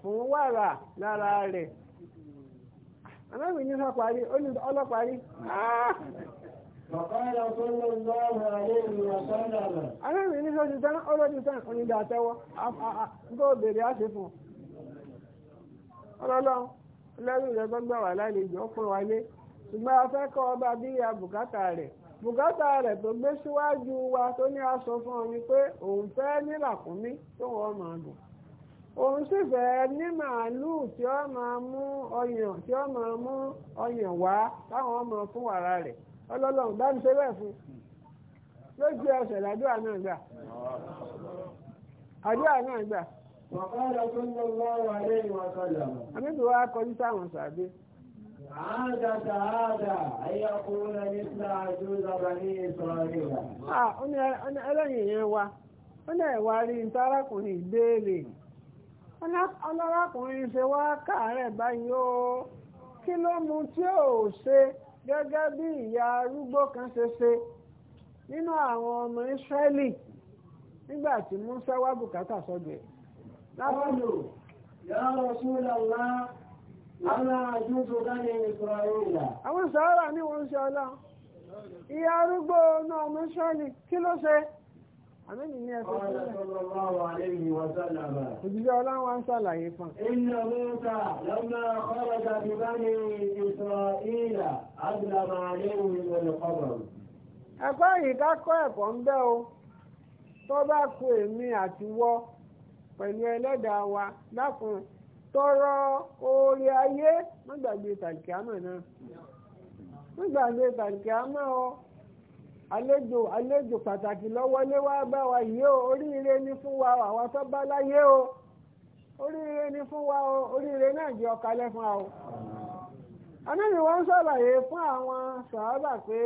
[SPEAKER 1] Aláàrin
[SPEAKER 2] ní sọ́jú tán, ọlọ́jú tán, onídà tẹ́wọ́, tó bèèrè àṣẹ fún. Ọlọ́lọ́ lẹ́rù rẹ̀ gbọ́gbà wà lálejò ọkùnrin wálé, ṣùgbọ́n a fẹ́ kọ́ ọba bí ya bùkátà rẹ̀. Bùkátà rẹ̀ tó gbé síwájú wa tó ní aṣọ fún ọ ni pé òun fẹ́ ní làkúnmí tó wọ́n máa dùn. Òun sì fẹ́ ní màálùú tí ó máa mú ọyàn wá táwọn máa fún wàrà rẹ̀. ọlọ́lọ́run bá ń ṣe bẹ́ẹ̀ fún lójú ẹsẹ̀ làdúrà náà gbà àdúrà náà gbà. àmìbí kọjú sáwọn sàbí.
[SPEAKER 1] Àádá sàádá ayakúnlẹ̀ nípa ní ìsọ̀rọ̀ rẹ̀. Ah,
[SPEAKER 2] ní gẹ́gẹ́ bí ìyá arúgbó kan ṣe ṣe nínú àwọn ọmọ israeli nígbà tí Musa wá bùkátà ẹ̀. lábọ́lò yàrá ṣúlọ́lá àwọn àjútó dání Ísírẹ́lì. àwọn sàárà ní Àmẹ́ni ní ẹ̀sọ́ ìjìjẹ́ ọláwọ́ ń sàlàyé fún. Iná Mọ́ta lọ́mọ ọ̀rọ̀dà ti bá ní ìsọ̀ ìlà àdìlàmà léwu ìwọ̀lẹ̀ ọ̀rọ̀. Ẹ̀kọ́ yìí ká kọ́ ẹ̀kọ́ ń bẹ́ o, tó bá kú èmi àti wọ́ pẹ̀lú ẹlẹ́dàá wa dákun tọrọ oore ayé má gbàgbé tàkìámọ̀ náà. Má gbàgbé tàkìámọ̀ o. Alejo, Alejo, pàtàkì lọ́wọ́lé wá bá wa yìí o oríire ni fún wa àwa tó bá láyé o oríire ni fún wa o oríire náà jẹ́ ọ̀kalẹ̀ fún wa o. anáyìn wọ́n ṣàlàyé fún àwọn sàábà pé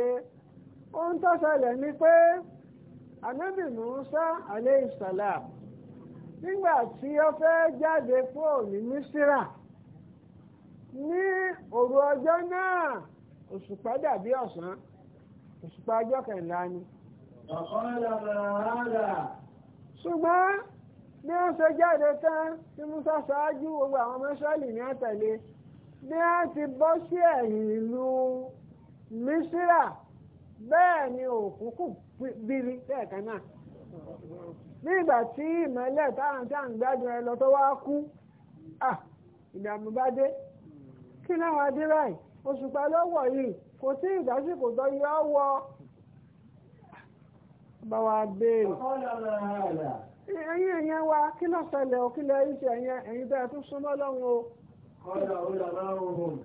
[SPEAKER 2] ohun tó ṣẹlẹ̀ ni pé anábì Mùsá alayhi salam nígbà tí ó fẹ́ jáde kúrò ní Mísírà ní òru ọjọ́ náà òṣùpá dàbí ọ̀sán òṣùpá ọjọ́ kẹrìnlá ni. ṣùgbọ́n bí wọ́n ṣe jáde tán tí Musa ṣáájú gbogbo àwọn ọmọ Ísírẹ́lì ní àtẹ̀lé bí wọ́n ti bọ́ sí ẹ̀yìn ìlú Mísírà bẹ́ẹ̀ ni òkùnkùn bírí lẹ́ẹ̀kan náà ní ìgbà tí ìmọ̀lẹ̀ táwọn tí a ń gbádùn ẹ lọ tó wá kú ìdààmú bá dé kí náà wá dé báyìí òṣùpá ló wọ̀ yìí kò tí ìdásíkò tó yọ wọ bàwà béèrè ẹ̀yìn ẹ̀yẹn wa kí ló kí lẹ ẹ̀yìn bẹ́ẹ̀ tún súnmọ́ lọ́run ohun àwọn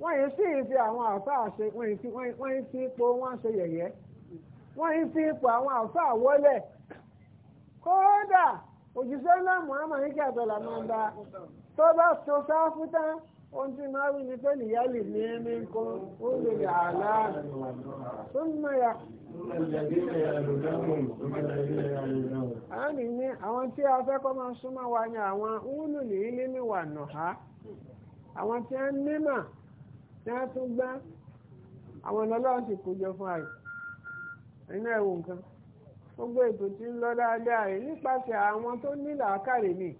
[SPEAKER 2] wọ́n yìí sí àwọn àfáà ṣe wọ́n yìí ipò ṣe yẹ̀yẹ́ wọ́n yìí ipò àwọn àfáà kódà òjíṣẹ́ ńlá muhammad kí àtọ̀là máa ń bá tó bá tó sáfù tán ohun tí máa wí ni pé nìyálì ní ẹni ó ya. àánì ní àwọn tí a fẹ́ kọ́ máa súnmọ́ wa ni àwọn húnù nìyí nínú wà nà á àwọn tí wọ́n nímọ̀ tí tún gbá àwọn ọlọ́run ti jọ fún àyè gbogbo ètò tí ń lọ dáadáa rẹ̀ nípasẹ̀ àwọn tó ní làákàrè ni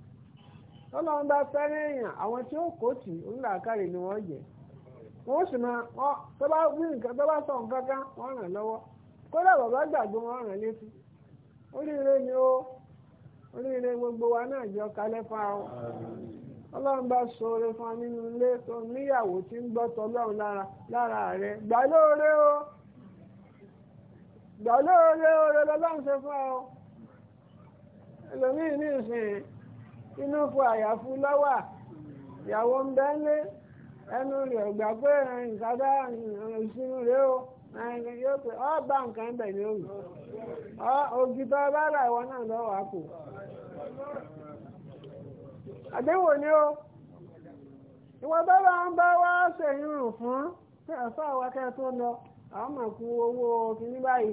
[SPEAKER 2] tọ́lọ́run bá fẹ́rẹ́ àwọn tí ó kó tì ń làákàrè ni wọ́n jẹ́ wọ́n sì máa tó bá wí nǹkan sọ nǹkan kan wọ́n ràn lọ́wọ́ kódà bàbá ràn létí oríire ni ó náà jọ fún bá fún nínú ilé tó níyàwó tí ń gbà lóore oore lọ́lọ́run ṣe fún ọ ẹlòmíì ní ìsìn inú fún àyàfu lọ́wà ìyàwó ń bẹ́ lé ẹnu rẹ̀ gbà pé ìsádá ìsinú o yóò pé ọ bá nǹkan bẹ̀ ní òyìn ògì tó ìwọ náà lọ́wọ́ àpò àdéhùn ni ó bá fún ẹ̀fọ́ àwọn akẹ́kọ̀ọ́ lọ. àwọn máa kú owó báyìí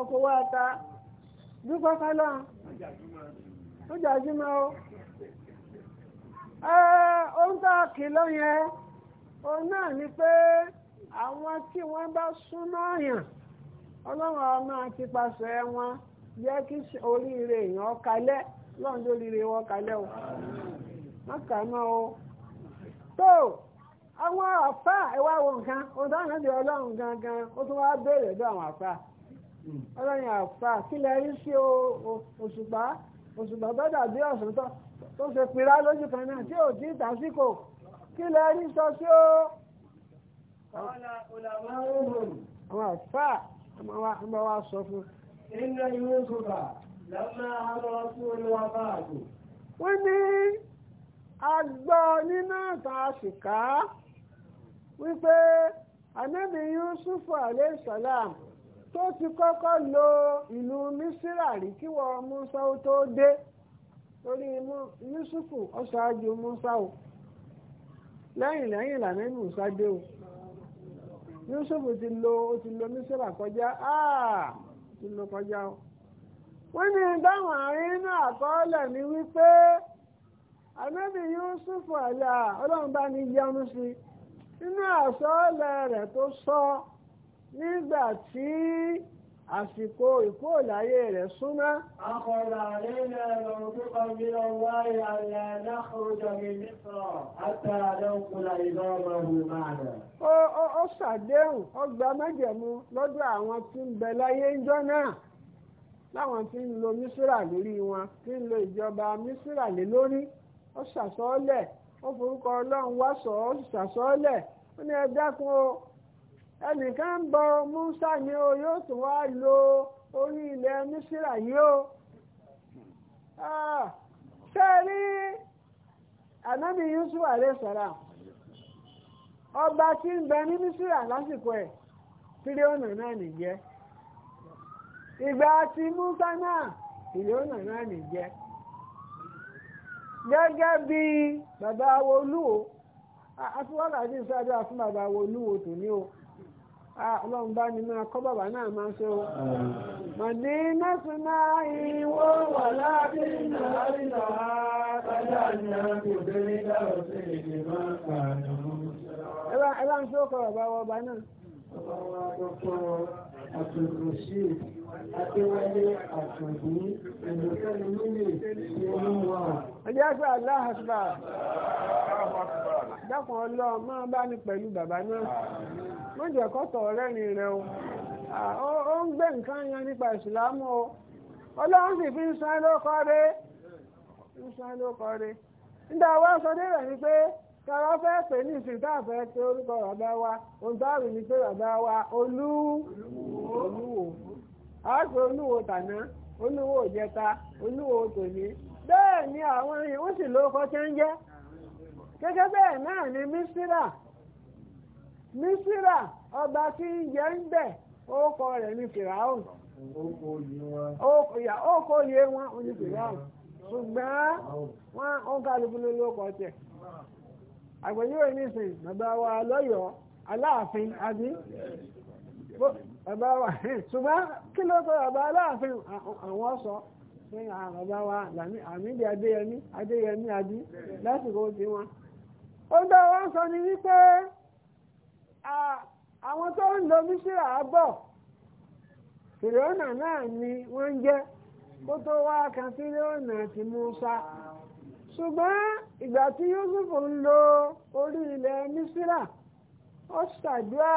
[SPEAKER 2] ọkọ̀ owó ata ó jàjúmọ́ ohun tó kìlọ̀ òun náà ni pé àwọn tí wọ́n bá súnmọ́ yàn ọlọ́run ọmọ ti pàṣẹ wọn jẹ́ kí oríire èèyàn kalẹ̀ lọ́run lóríire wọn o o tó. àwọn afaa ẹwà wo nkan ohun tó ọlọ́run gangan ó tún wá awọn afaa. àwọn àfà ọlọ́run àfà kí lẹ rí sí òṣùpá òṣùpá tó dàbí ọ̀sán tó ṣe pira lójú kan náà tí ò tí ì kí lẹ rí sọ sí ó. sọ wọ́n ní agbọ́ nínú wípé anábì Yusuf aleyhisalaam tó ti kọ́kọ́ lo ìlú Mísírà rí kí wọ́n Musa ó tó dé torí Yusuf ọ̀ṣáájú Musa o lẹ́yìn lẹ́yìn ìlànà ìlú ṣáájú o Yusuf ti lo ó ti lo Mísírà kọjá áà ti lo kọjá o wọ́n ní dáhùn àárín inú àkọọ́lẹ̀ ni wípé anábì Yusuf àlà ọlọ́run bá ní yánú sí i nínú àsọọ́lẹ̀ rẹ̀ tó sọ nígbà tí àsìkò ìkóòláyé rẹ̀ súnmọ́. akọ̀lá nínú ẹ̀rọ òkúkọ bí wọ́n wáyé alẹ́ lákòójọ mi nípa àtàlẹ́ òkúlà ìlọ́ọ̀rọ̀ òmà rẹ̀. ó ṣàdéhùn ó gba májẹ̀mú lọ́dọ̀ àwọn tí ń bẹ láyé ńjọ́ náà láwọn tí ń lo mísírà lórí wọn tí ń lo ìjọba mísírà lé lórí ó ṣàsọọ́lẹ̀ ó forúkọ ọlọ́run wá sọ ó ní o ẹnìkan ń bọ Musa ni o yóò tún wá lo orí ilẹ̀ Mísírà yìí o ah, ṣé rí Yusuf alayhi ọba tí ń bẹ ní lásìkò ẹ̀ tírílíọ̀nù náà Musa náà tírílíọ̀nù náà gẹ́gẹ́ bí bàbá olúwo àtiwọ́lá àti ìsájọ́ àti bàbá olúwo tò ní o ọlọ́run bá ní máa kọ́ bàbá náà máa ṣe o màdí ìwọ wà láti ní
[SPEAKER 1] àgbègbè nígbà òsè èdè
[SPEAKER 3] máa ń pa àná.
[SPEAKER 2] ẹ bá ń ṣe ó kọ
[SPEAKER 3] Ẹjẹ́
[SPEAKER 2] pé aláhàṣbà dákùn ọlọ́ máa bá ní pẹ̀lú bàbá náà. Wọ́n jẹ́ kọ́tọ̀ ọ̀rẹ́ ni rẹ̀ o. Ó ń gbé nǹkan yan nípa o. Ọlọ́run sì fi ń sán lókọ́ rẹ̀. Ń sán lókọ́ rẹ̀. fẹ́ pè ní wa, ni pé wa olú àápè olúwo tàná olúwo òjẹta olúwo tòní bẹ́ẹ̀ ni àwọn ìwọ́n sì lóko tí ń jẹ́ gẹ́gẹ́ bẹ́ẹ̀ náà ni mísírà mísírà ọba tí ń jẹ ń bẹ̀ ókọ rẹ̀ ni fìràhùn ókọ yé wọn ní fìràhùn ṣùgbọ́n wọn ó kálukú ló lóko tẹ̀ àgbẹ̀yẹ̀wò nísìnyí bàbá wa lọ́yọ̀ọ́ aláàfin àbí bàbá wa ṣùgbọ́n kí ló sọ bàbá aláàfin àwọn sọ fún àwọn bàbá wa àmìdí adéyẹmí adéyẹmí adí lásìkò tí wọn. ó dá wọn sọ ni wípé àwọn tó ń lo mísírà bọ̀ fìrìọ́nà náà ni wọ́n ń jẹ́ kó tó wá kan fìrìọ́nà ti Mùsá ṣùgbọ́n ìgbà tí Yusuf ń lo orí ilẹ̀ mísírà ó ṣàdúrà.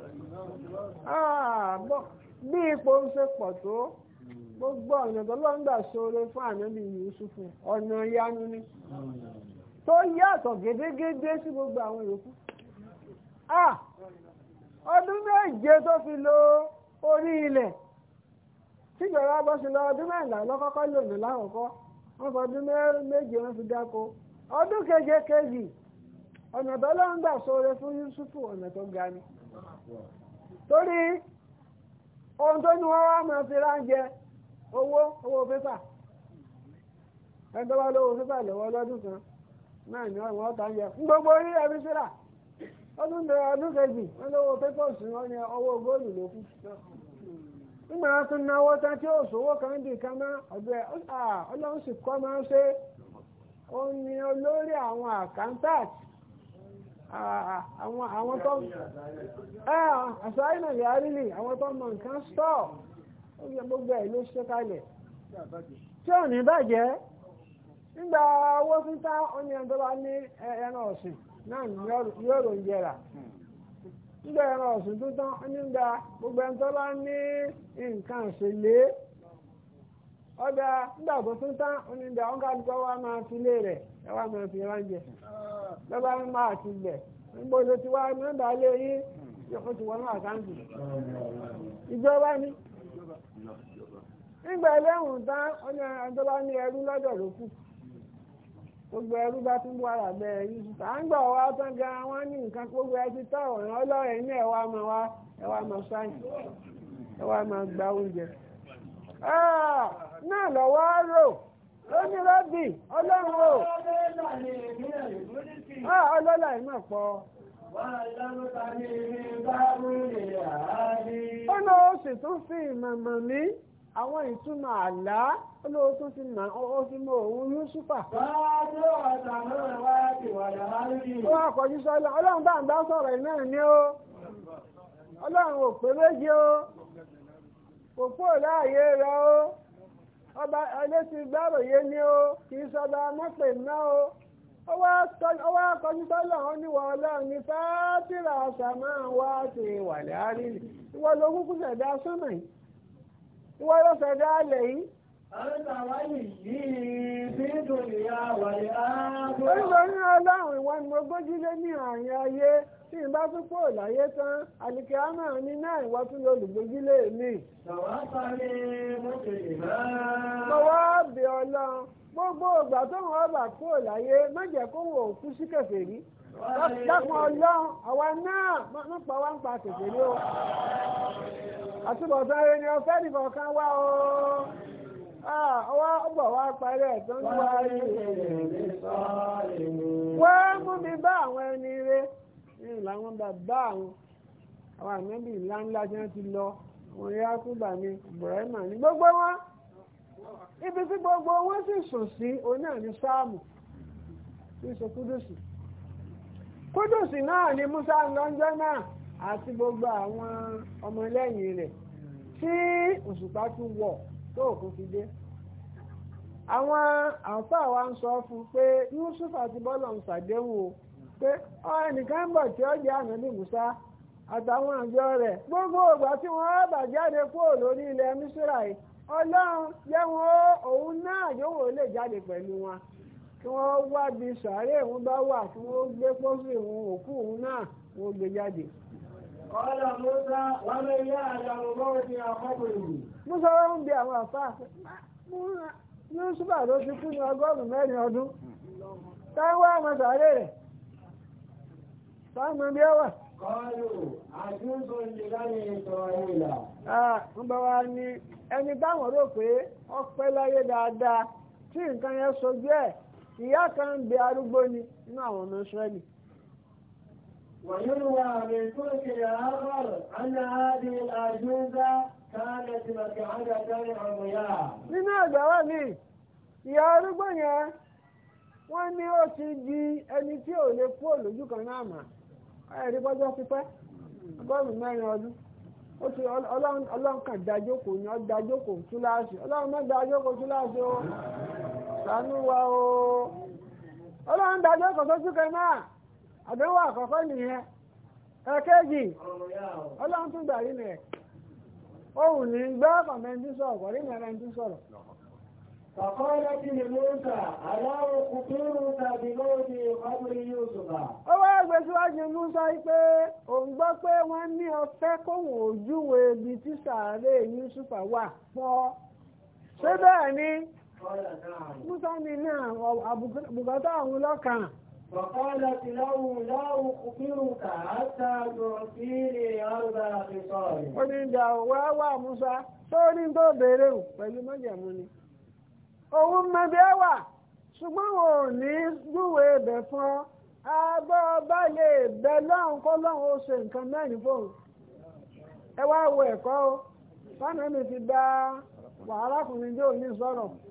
[SPEAKER 2] Ah, bí ipò ń ṣe pọ̀ tó gbogbo ọ̀nà tó lọ́ngbà ṣoore fún ànábì Yúsúfù ọ̀nà ìyanu ni tó yàtọ̀ gédégédé sí gbogbo àwọn yòókù ah, ọdún méje tó fi lo orí ilẹ̀ bọ́ sí lọ ọdún lọ́kọ́kọ́ wọ́n ọdún keje kejì ọ̀nà tó lọ́ngbà fún ọ̀nà tó torí ohun tó ní wọ́n wá ránjẹ owó owó pépà ẹgbẹ́wá lówó pépà lọ́wọ́ lọ́dún kan náà ní ọ̀rùn ọ̀tá ń yẹ gbogbo orí ẹbí síra ọdún bẹ̀rẹ̀ ọdún kejì wọ́n lówó pépà sí ní owó góòlù ló kù nígbà wọn tún tán tí ó kan dì kan mọ́ ah, ọlọ́run sì kọ́ máa ń ṣe ó àwọn tó àṣà ìnà ìyárí ni àwọn tó mọ̀ nǹkan ó yẹ gbogbo ẹ̀ ló ṣe kalẹ̀ tí ò ní bàjẹ́ nígbà owó fífá oní ẹni tó bá ní ẹran ọ̀sìn náà yóò rò ń nígbà ẹran ọ̀sìn tó tán nígbà gbogbo ẹni tó bá ní nǹkan ṣèlé ọ̀dà nígbà tó lọ́ba ń máa ti bẹ̀ nígbà tó ti wá nọ́mbà lé yóò ti ìjọba ni nígbà ẹlẹ́wọ̀n tán ọ̀nà àjọba ní ẹrú lọ́dọ̀ ló kù gbogbo ẹrú bá tún bú ara bẹ́ẹ̀ yìí ṣùgbọ́n ń gbà wá tán gan wọ́n ní nǹkan gbogbo ẹ ti gba oúnjẹ. náà lọ́wọ́ rò. ó ní rọ́bì ọlọ́run o ọlọ́lá ìmọ̀ pọ̀ ó lọ sì tún fi ìmọ̀mọ̀ mi àwọn ìtumọ̀ àlá olóò tún ti nà ó fi mọ òun Yúsúfà. ó wá sọ́lá ọlọ́run bá ń bá sọ̀rọ̀ iná ní o ọlọ́run ò pé méjì o kò kúrò láàyè rẹ o ọba ẹlẹ́sì gbáròyé ní o kì í sọba mọ́pẹ̀ náà o ó wá kọjú tọ́lọ̀ wọn níwọ̀ ọlọ́run ní fáátìrà ọ̀sàmọ́ wa ti wà láàrin ìwọ ló kúkú ṣẹ̀dá sọ́mọ̀ yìí ìwọ ló ṣẹ̀dá alẹ̀ yìí Oríṣiríṣi ọlọ́run ìwọ ni mo gbójú lé ní àárín ayé tí n bá tún pọ̀ láyé tán, àlìkẹ́ àmà ní náà ìwọ tún lọ olùgbójú lé mi. Mo wá bẹ̀ ọlọ́run gbogbo ìgbà tó wọn bà pọ̀ láyé má kó wọn ò kú sí kèfèrí. Dákun ọlọ́run àwa náà má pa wá ń pa kèfèrí o. Àtúbọ̀tán rẹ ọ̀fẹ́ nìkan kan wá o. Àwọn ah, ọgbọ̀ wa parẹ́ tó ń wá rí. Wọ́n mú mi bá àwọn ẹni rẹ̀ ní làwọn bàbá àwọn àwọn àmẹ́bí ńláńlá tí ti lọ. Àwọn ìyá Kúbà ni Bùrẹ́mà ní gbogbo wọn. Ibi tí gbogbo wọn sì sùn sí òun náà ní Sáàmù tí ń sọ Kúdùsì. náà ni Musa lọ́jọ́ náà àti gbogbo àwọn ọmọlẹ́yìn rẹ̀ tí òṣùpá tún wọ̀. tó òkú fi dé àwọn àfáà wa ń sọ fún pé Yusuf àti bọ́lọ̀ ń ṣàdéhùn o pé ẹnìkan bọ̀ tí ó jẹ́ gbogbo tí wọ́n jáde lórí ilẹ̀ Mísírà yìí Ọlọ́run òun jáde pẹ̀lú wọn kí wọ́n wá bí wà kí wọ́n gbé òun òkú òun jáde. Musa wọ́n ń bí àwọn àfáà Yúsùfà ló ti kú ní ọgọ́rùn-ún mẹ́rin ọdún. Táíwá àwọn sàárè rẹ̀. bí ó wà. Kọ́lù, àjúzò ìtọ̀ ìlà. ń wa ní ẹni táwọn rò pé ọpẹ́ láyé dáadáa tí ويروى من طرق آخر أن هذه الأجوزة كانت مكعدة
[SPEAKER 1] عمياء
[SPEAKER 2] لماذا وامي يا ربنا wọ́n ní ó ti di ẹni tí ò lè kú kan náà mà ẹ̀rí gbọ́dọ̀ pípẹ́ mẹ́rin ọdún ó ti ọlọ́run dájókòó ni ó dájókòó túláàsì dájókòó túláàsì o ṣàánú wa o ọlọ́run dájókòó àdánwò àkọ́kọ́ nìyẹn ẹ̀kẹ́jì ọlọ́run tún gbà rí rẹ̀ ohun ní gbọ́ kọ̀mẹ́ntì sọ̀rọ̀ kọ̀rí mẹ́rẹ́ntì sọ̀rọ̀ ni Mọ́sà, síwájú wípé gbọ́ pé wọ́n ní ọfẹ́ ibi tí sàárè wà Ṣé bẹ́ẹ̀ ni? ni náà àbùkátà فقالت له لا أخبرك حتى تعطيني
[SPEAKER 1] أربع خصال iri ní
[SPEAKER 2] ìjà òwò àwọ̀ àmúṣá sórí tó béèrè o pẹ̀lú májàmú ni ṣùgbọ́n wọn ò ní júwe ẹ̀bẹ̀ fún ọ abọ́ ọba lè bẹ lọ́hùn kọ́ lọ́hùn ó ṣe nǹkan mẹ́rin fóun ẹ wá wo ẹ̀kọ́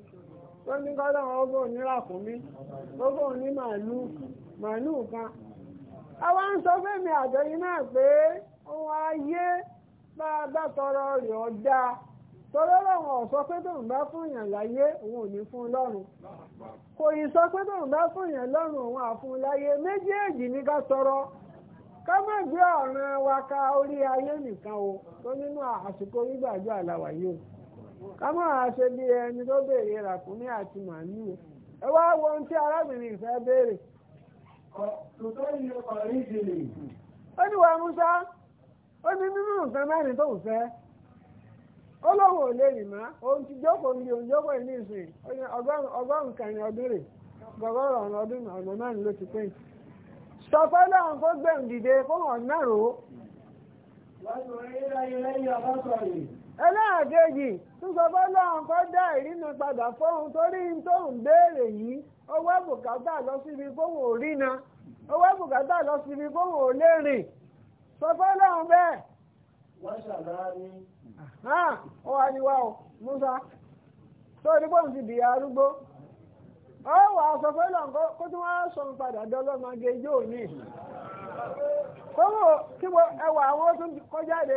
[SPEAKER 2] ti wọ́n ní kọ́lọ́ ọgbọ́n onírà fún mi ọgbọ́n oní màálù kan àwọn ń sọ fẹ́mi àjọyìn náà pé ohun ayé bá a tọrọ rẹ̀ ọ̀dà tọrọ lọ́wọ́ ọ̀sọ́ pé bá fún èèyàn láyé òun òní fún lọ́run kò yìí sọ pé méjèèjì ní ká ká má gbé ọ̀ràn wa ká orí ayé nìkan o tó nínú àsìkò kama ṣe bí ẹni tó béèrè ràkúnmí àti màálù ẹ wá ohun tí arábìnrin ìfẹ́ ó ní musa ó ní nínú nǹkan mẹ́rin tó ń fẹ́ ó lóun ò lè rìn mọ́ ti jókòó ní òun jókòó ní ìsìn ọgọ́rùn-ún kẹrin ọdún rè ọdún ọ̀nà mẹ́rin ló ti sọ lọ́run kó gbẹ̀m dìde kó hàn mẹ́rò ó.
[SPEAKER 1] wọ́n ti rí ilé ilé yìí
[SPEAKER 2] ẹlẹ́ẹ̀kejì túnṣọ fọlọ́run kọ́ dá ìrìnà padà fóun torí tó ń béèrè yìí owó bùkátà lọ síbi fóun ò rína owó bùkátà lọ síbi fóun ò lè rìn sọ fọlọ́run bẹ́ẹ̀. wọ́n ṣàlàyé. ó wá ní Musa tó ní bóun ti dìyà arúgbó ó wà sọ fọlọ́run kó tí wọ́n sọ padà yóò ní kí ẹwà kọjá lè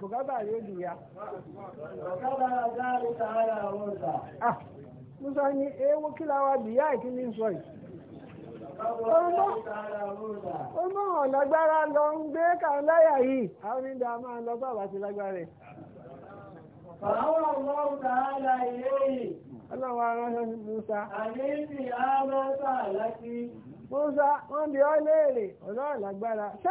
[SPEAKER 2] bùkátà yóò dù ya. Ah, Musa ní ewu kílá wa bìyà lọ ń gbé kàn láyà yìí. Àwọn máa lọ bàbá ti lágbára rẹ̀. Fàáwọ̀ Allah ta'ala ilayhi. Ọlọ́run aránṣẹ́ sí Musa. Àlébì Amọ́sà láti. Musa, wọ́n bí ọ léèrè, ọ̀rọ̀ lágbára. Ṣé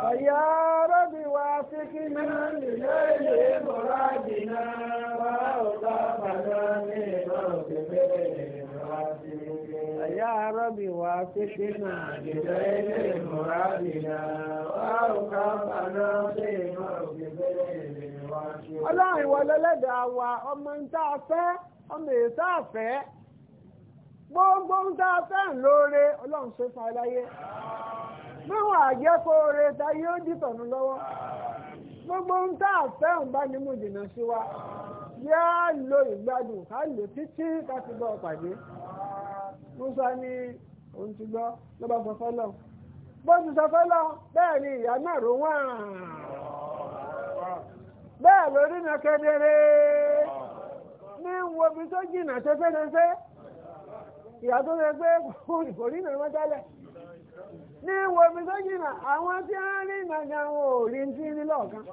[SPEAKER 2] فيا رب وافقنا إليه مرادنا وأوقافنا من يا رب وافقنا إليه مرادنا وأوقافنا
[SPEAKER 1] في موقفين Ọlọ́run ìwọ
[SPEAKER 2] lọ́lẹ́dàá wa ọmọ ń tá a fẹ́ ọmọ èyí tá a fẹ́ gbogbo ń tá a fẹ́ ń lóore Ọlọ́run ṣe fún aláyé. Máwọn àjẹ́kọ́ oore ta yóò dìtọ̀nù lọ́wọ́. Gbogbo ń tá àfẹ́ ń bá ní mú sí wa. Yá lo ìgbádùn ká lò títí láti bọ́ pàdé. Musa ní òun ti gbọ́ ló bá sọ fọ́lọ́. Bó ti sọ fọ́lọ́ bẹ́ẹ̀ ni ìyá náà ró wọ́n àrùn. Bẹ́ẹ̀ lórí na kedere. Ní wo ibi tó jìnà ṣe fẹ́rẹ́fẹ́. Ìyá tó rẹ pé kò rí nà mọ́tálẹ̀. ní wòmí tó jìnà àwọn tí a rí ìgbàgbà wọn ò rí tí ní lọ́ọ̀kan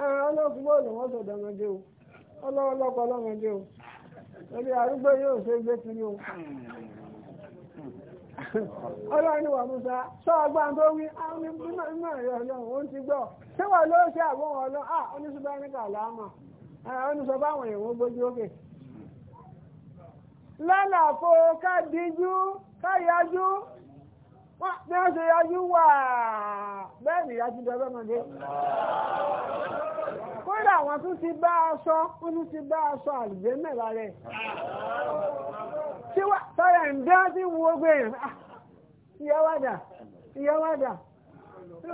[SPEAKER 2] àwọn olóògùn bóòlù wọn tó dọmọdé o ọlọ́wọ́ lọ́kọ̀ ọlọ́mọdé o torí arúgbó yóò ṣe gbé o Musa sọ ọgbà tó wí àwọn ìmọ̀ ti gbọ́ ṣé wà ló ṣe káyájú bí wa yájú wà bẹ́ẹ̀ ni dọ́gbẹ́ mọ́dé ti bá aṣọ wọ́n ti bá aṣọ àlùjẹ́ mẹ́ra rẹ̀ tọ́rẹ̀ ń dá sí wo gbé ah, ìyáwádà ìyáwádà tí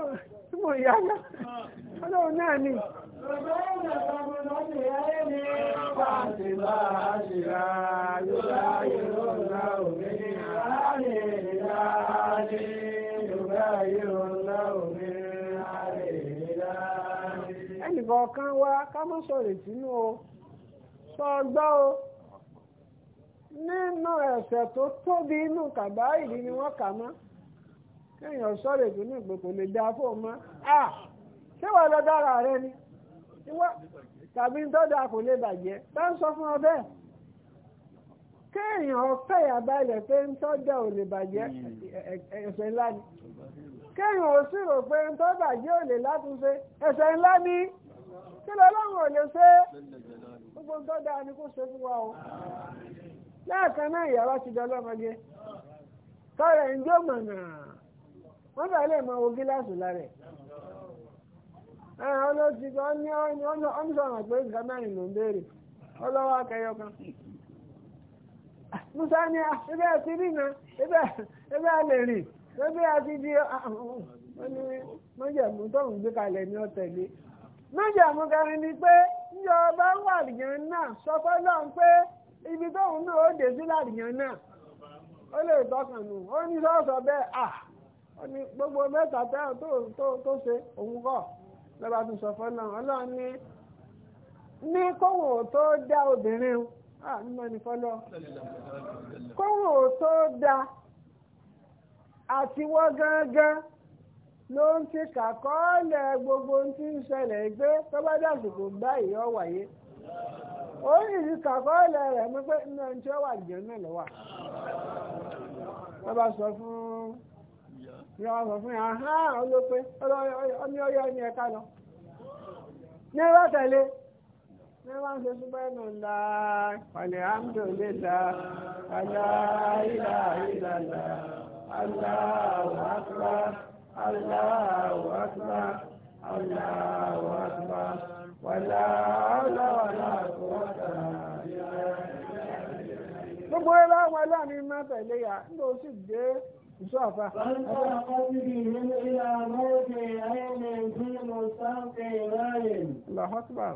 [SPEAKER 2] ọlọ́run ẹnìkọ̀ọ̀kan wa ká mọ́ sọ̀rọ̀ ìtínú o sọ ọgbọ́ o nínú ẹ̀ṣẹ̀ tó tóbi inú kàbáyìí ni wọ́n kà mọ́ kéèyàn sọ̀rọ̀ ìtínú ìpè kò lè dáa fóun mọ́ à ṣé wàá lọ dára rẹ ni tàbí dọ́dà kò lè bàjẹ́ bá ń sọ fún ọ bẹ́ẹ̀ kéèyàn ọ̀fẹ́ àbálẹ̀ pé ń tọ́jà ò lè bàjẹ́ ẹ̀ṣẹ̀ ńlá ni kéèyàn ò sì rò pé ń tọ́jà jẹ́ ò látúnṣe ẹ̀ṣẹ̀ ńlá ni. kí lọ lọ́wọ́ lè ṣe gbogbo ń tọ́jà ni kò ṣe fún wa o lẹ́ẹ̀kan náà ìyàwó ti dọ́ lọ́mọge kọ́rẹ̀ ń jó mọ̀nà wọ́n bá lè mọ owó gíláàsì lára ẹ̀ ní pé mẹ́rin ló ń ọlọ́wọ́ musa ni ah, ti rí na lè rìn ti di ah, ah, gbé kalẹ̀ ní ọ̀tẹ̀lé májàmú kẹrin ni pé yíyọ ọba wà àdìyàn náà sọ fọlọ́n pé ibi tóun náà ó dé sí làdìyàn náà ó lè tọkàn nù ó ní sọ́ọ̀sọ̀ bẹ́ẹ̀ à ó ní gbogbo mẹ́ta tẹ́ tó ṣe òun kọ́ lọ́ba tún sọ fọlọ́n ọlọ́run ní ní kóhùn ò tó dá obìnrin o mímọ́ ni fọlọ́ kóhùn ò tó dá àtiwọ́ gángan ló ń ti kàkọ́ọ́lẹ̀ gbogbo tí ń ṣẹlẹ̀ gbé tọ́bá dàsìkò báyìí ọ wáyé ó sì ti kàkọ́ọ́lẹ̀ rẹ̀ mú pé nínú ẹni tí ó wà jẹ́ náà lọ́wà tọ́bá sọ fún yọ sọ fún yà há olópe ọmọ ọyọ ní ẹ̀ka lọ ní ẹwà tẹ̀lé ní ẹwà ń ṣe súnmọ́ ẹnu ńlá alhamdulillah aláìláìlàlá aláwọ̀
[SPEAKER 3] akbar Allahu akbar Allahu akbar wàlá ọlọ́wàlá àkọ́wọ́ta.
[SPEAKER 2] gbogbo ẹ bá wọn máa tẹ̀lé ya nígbà ó sì dé ìṣó àfa. bàtà kọ́sìbì ní ilà mọ́tì ayẹyẹ tí mo sáńpé ráyè. lọ́họ́tìbà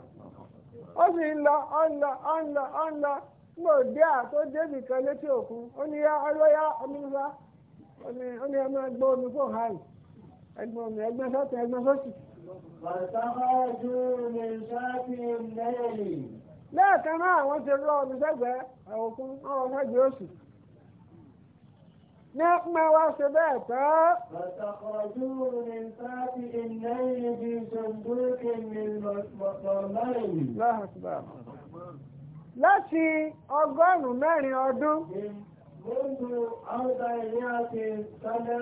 [SPEAKER 2] ó sì ń lọ ó ń lọ ó ń lọ ó ń lọ nígbà òde à débì kan létí òkun ó ní ọlọ́yà ọmọ wa ó ní ẹ máa omi fún hàn yìí. ẹgbọ́n mi ẹgbẹ́ sọ́tún ẹgbẹ́ sọ́sì. bàtàkàjú lè ṣáàtì lẹ́yìn. lẹ́ẹ̀kan náà àwọn ti rọ omi sẹ́gbẹ̀ẹ́ òkun ọ̀rọ̀ sẹ́gbẹ̀ẹ́ oṣù. ní pẹ́ wá ṣe bẹ́ẹ̀ tọ́. bàtàkàjú lè ṣáàtì lẹ́yìn bí ṣòǹdúkì mi lọ́mọ́rin. láti ọgọ́rùn-ún mẹ́rin ọdún. gbogbo àwọn ọ̀gá ilé àti sọ́dá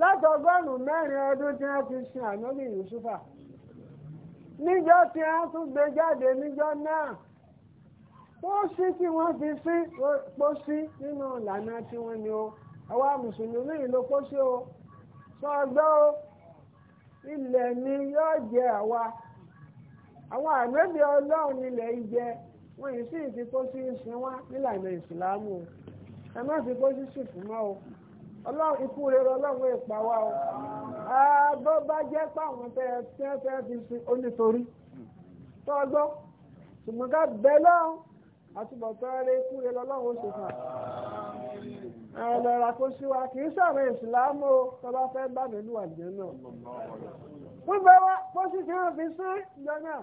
[SPEAKER 2] láti ọgọ́rùn-ún mẹ́rin ọdún tí wọ́n ti sin ànábì Yusufa níjọ́ tí wọ́n tún gbé jáde níjọ́ náà tó sí tí wọ́n fi sí pósí nínú ìlànà tí wọ́n ni o àwa mùsùlùmí ló pósí o sọ́gbọ́ o ilẹ̀ ni yóò jẹ àwa àwọn ànábì ọlọ́run nílẹ̀ ìjẹ wọ́n yìí sì fi pósí ìsìn wá nílànà ìsìlámù ẹ má fi pósí sì fún mọ́ o ọlọ́run ikú rere ọlọ́run èpà wa o bó bá jẹ́ páwọn tẹ́ ẹ fẹ́ fi fi onítorí tọ́gbọ́ ṣùgbọ́n ká bẹ lọ́run àtúbọ̀tán rẹ ikú rere ọlọ́run wa kìí sọ̀rọ̀ ìsìlámù tọba fẹ́ bá nínú àjẹ́ náà wọ́n bẹ wá bó sì ti hàn fi sí ìjọ náà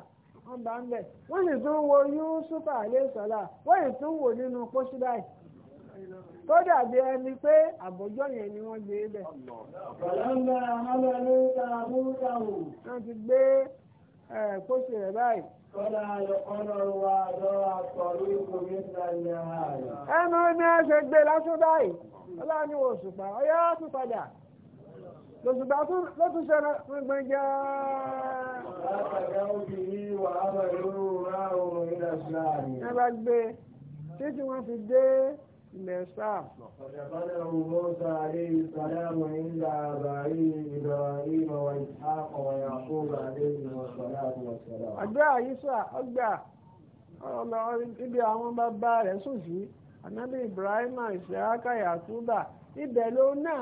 [SPEAKER 2] wọ́n bá ń bẹ̀ wọ́n sì tún wo Yúsúfà àlẹ́ ìsọ̀lá wọ́n sì tún wò nínú pósídáì tó dàbí ẹni pé àbójọ́ yẹn ni wọ́n gbé bẹ̀. ọ̀pọ̀lọpọ̀ àwọn ọmọ ẹ̀ka búrúkà wò. wọ́n ti gbé pósí rẹ̀
[SPEAKER 1] báyìí. Kọ́lá ọ̀nà wa lọ́wọ́ àkọ́rí ìkòrí ìsàlẹ̀ ààrẹ. Ẹnu
[SPEAKER 2] ni ẹ ṣe gbé lásán báyìí. Ọlọ́run ni òṣùpá, ọyá tún padà lọ́sùgbà ló tún ṣẹ́ra gbẹ̀gbẹ̀ jẹ́ ẹgbẹ́ gbé títí wọ́n fi dé ilẹ̀ sáà. ọ̀sẹ̀kọ́lẹ̀
[SPEAKER 1] owó sáré sàlámù ńlá àbáyé ìlọ ìmọ̀ ìhàkọ̀ yàkóbà lẹ́yìn ọ̀sọ̀lá àbúrọ̀sọ̀lá.
[SPEAKER 2] àgbẹ̀ àyíṣà ibi àwọn bàbá rẹ̀ sùn sí ànábì Ibrahim ìṣẹ́áká ibe na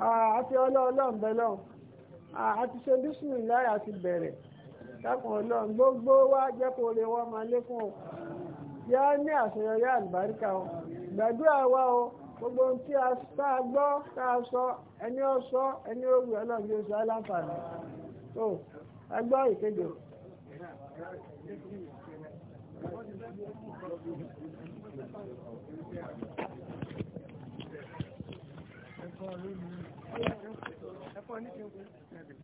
[SPEAKER 2] Ah, àti ọlọ́ọ̀lọ́ọ̀ bẹ́lọ́ ah, àti ṣe bísùn láyà ti bẹ̀rẹ̀ dákun ọlọ́run gbogbo wa jẹ́ kó lè wọ́n máa lékún o yá ní àṣeyọrí àlùbáríkà o gbàdúrà wa o gbogbo tí a gbọ́ tá a sọ ẹni ó sọ ẹni ó wù a gbọ́ ìkéde.
[SPEAKER 3] Thank you. for anything.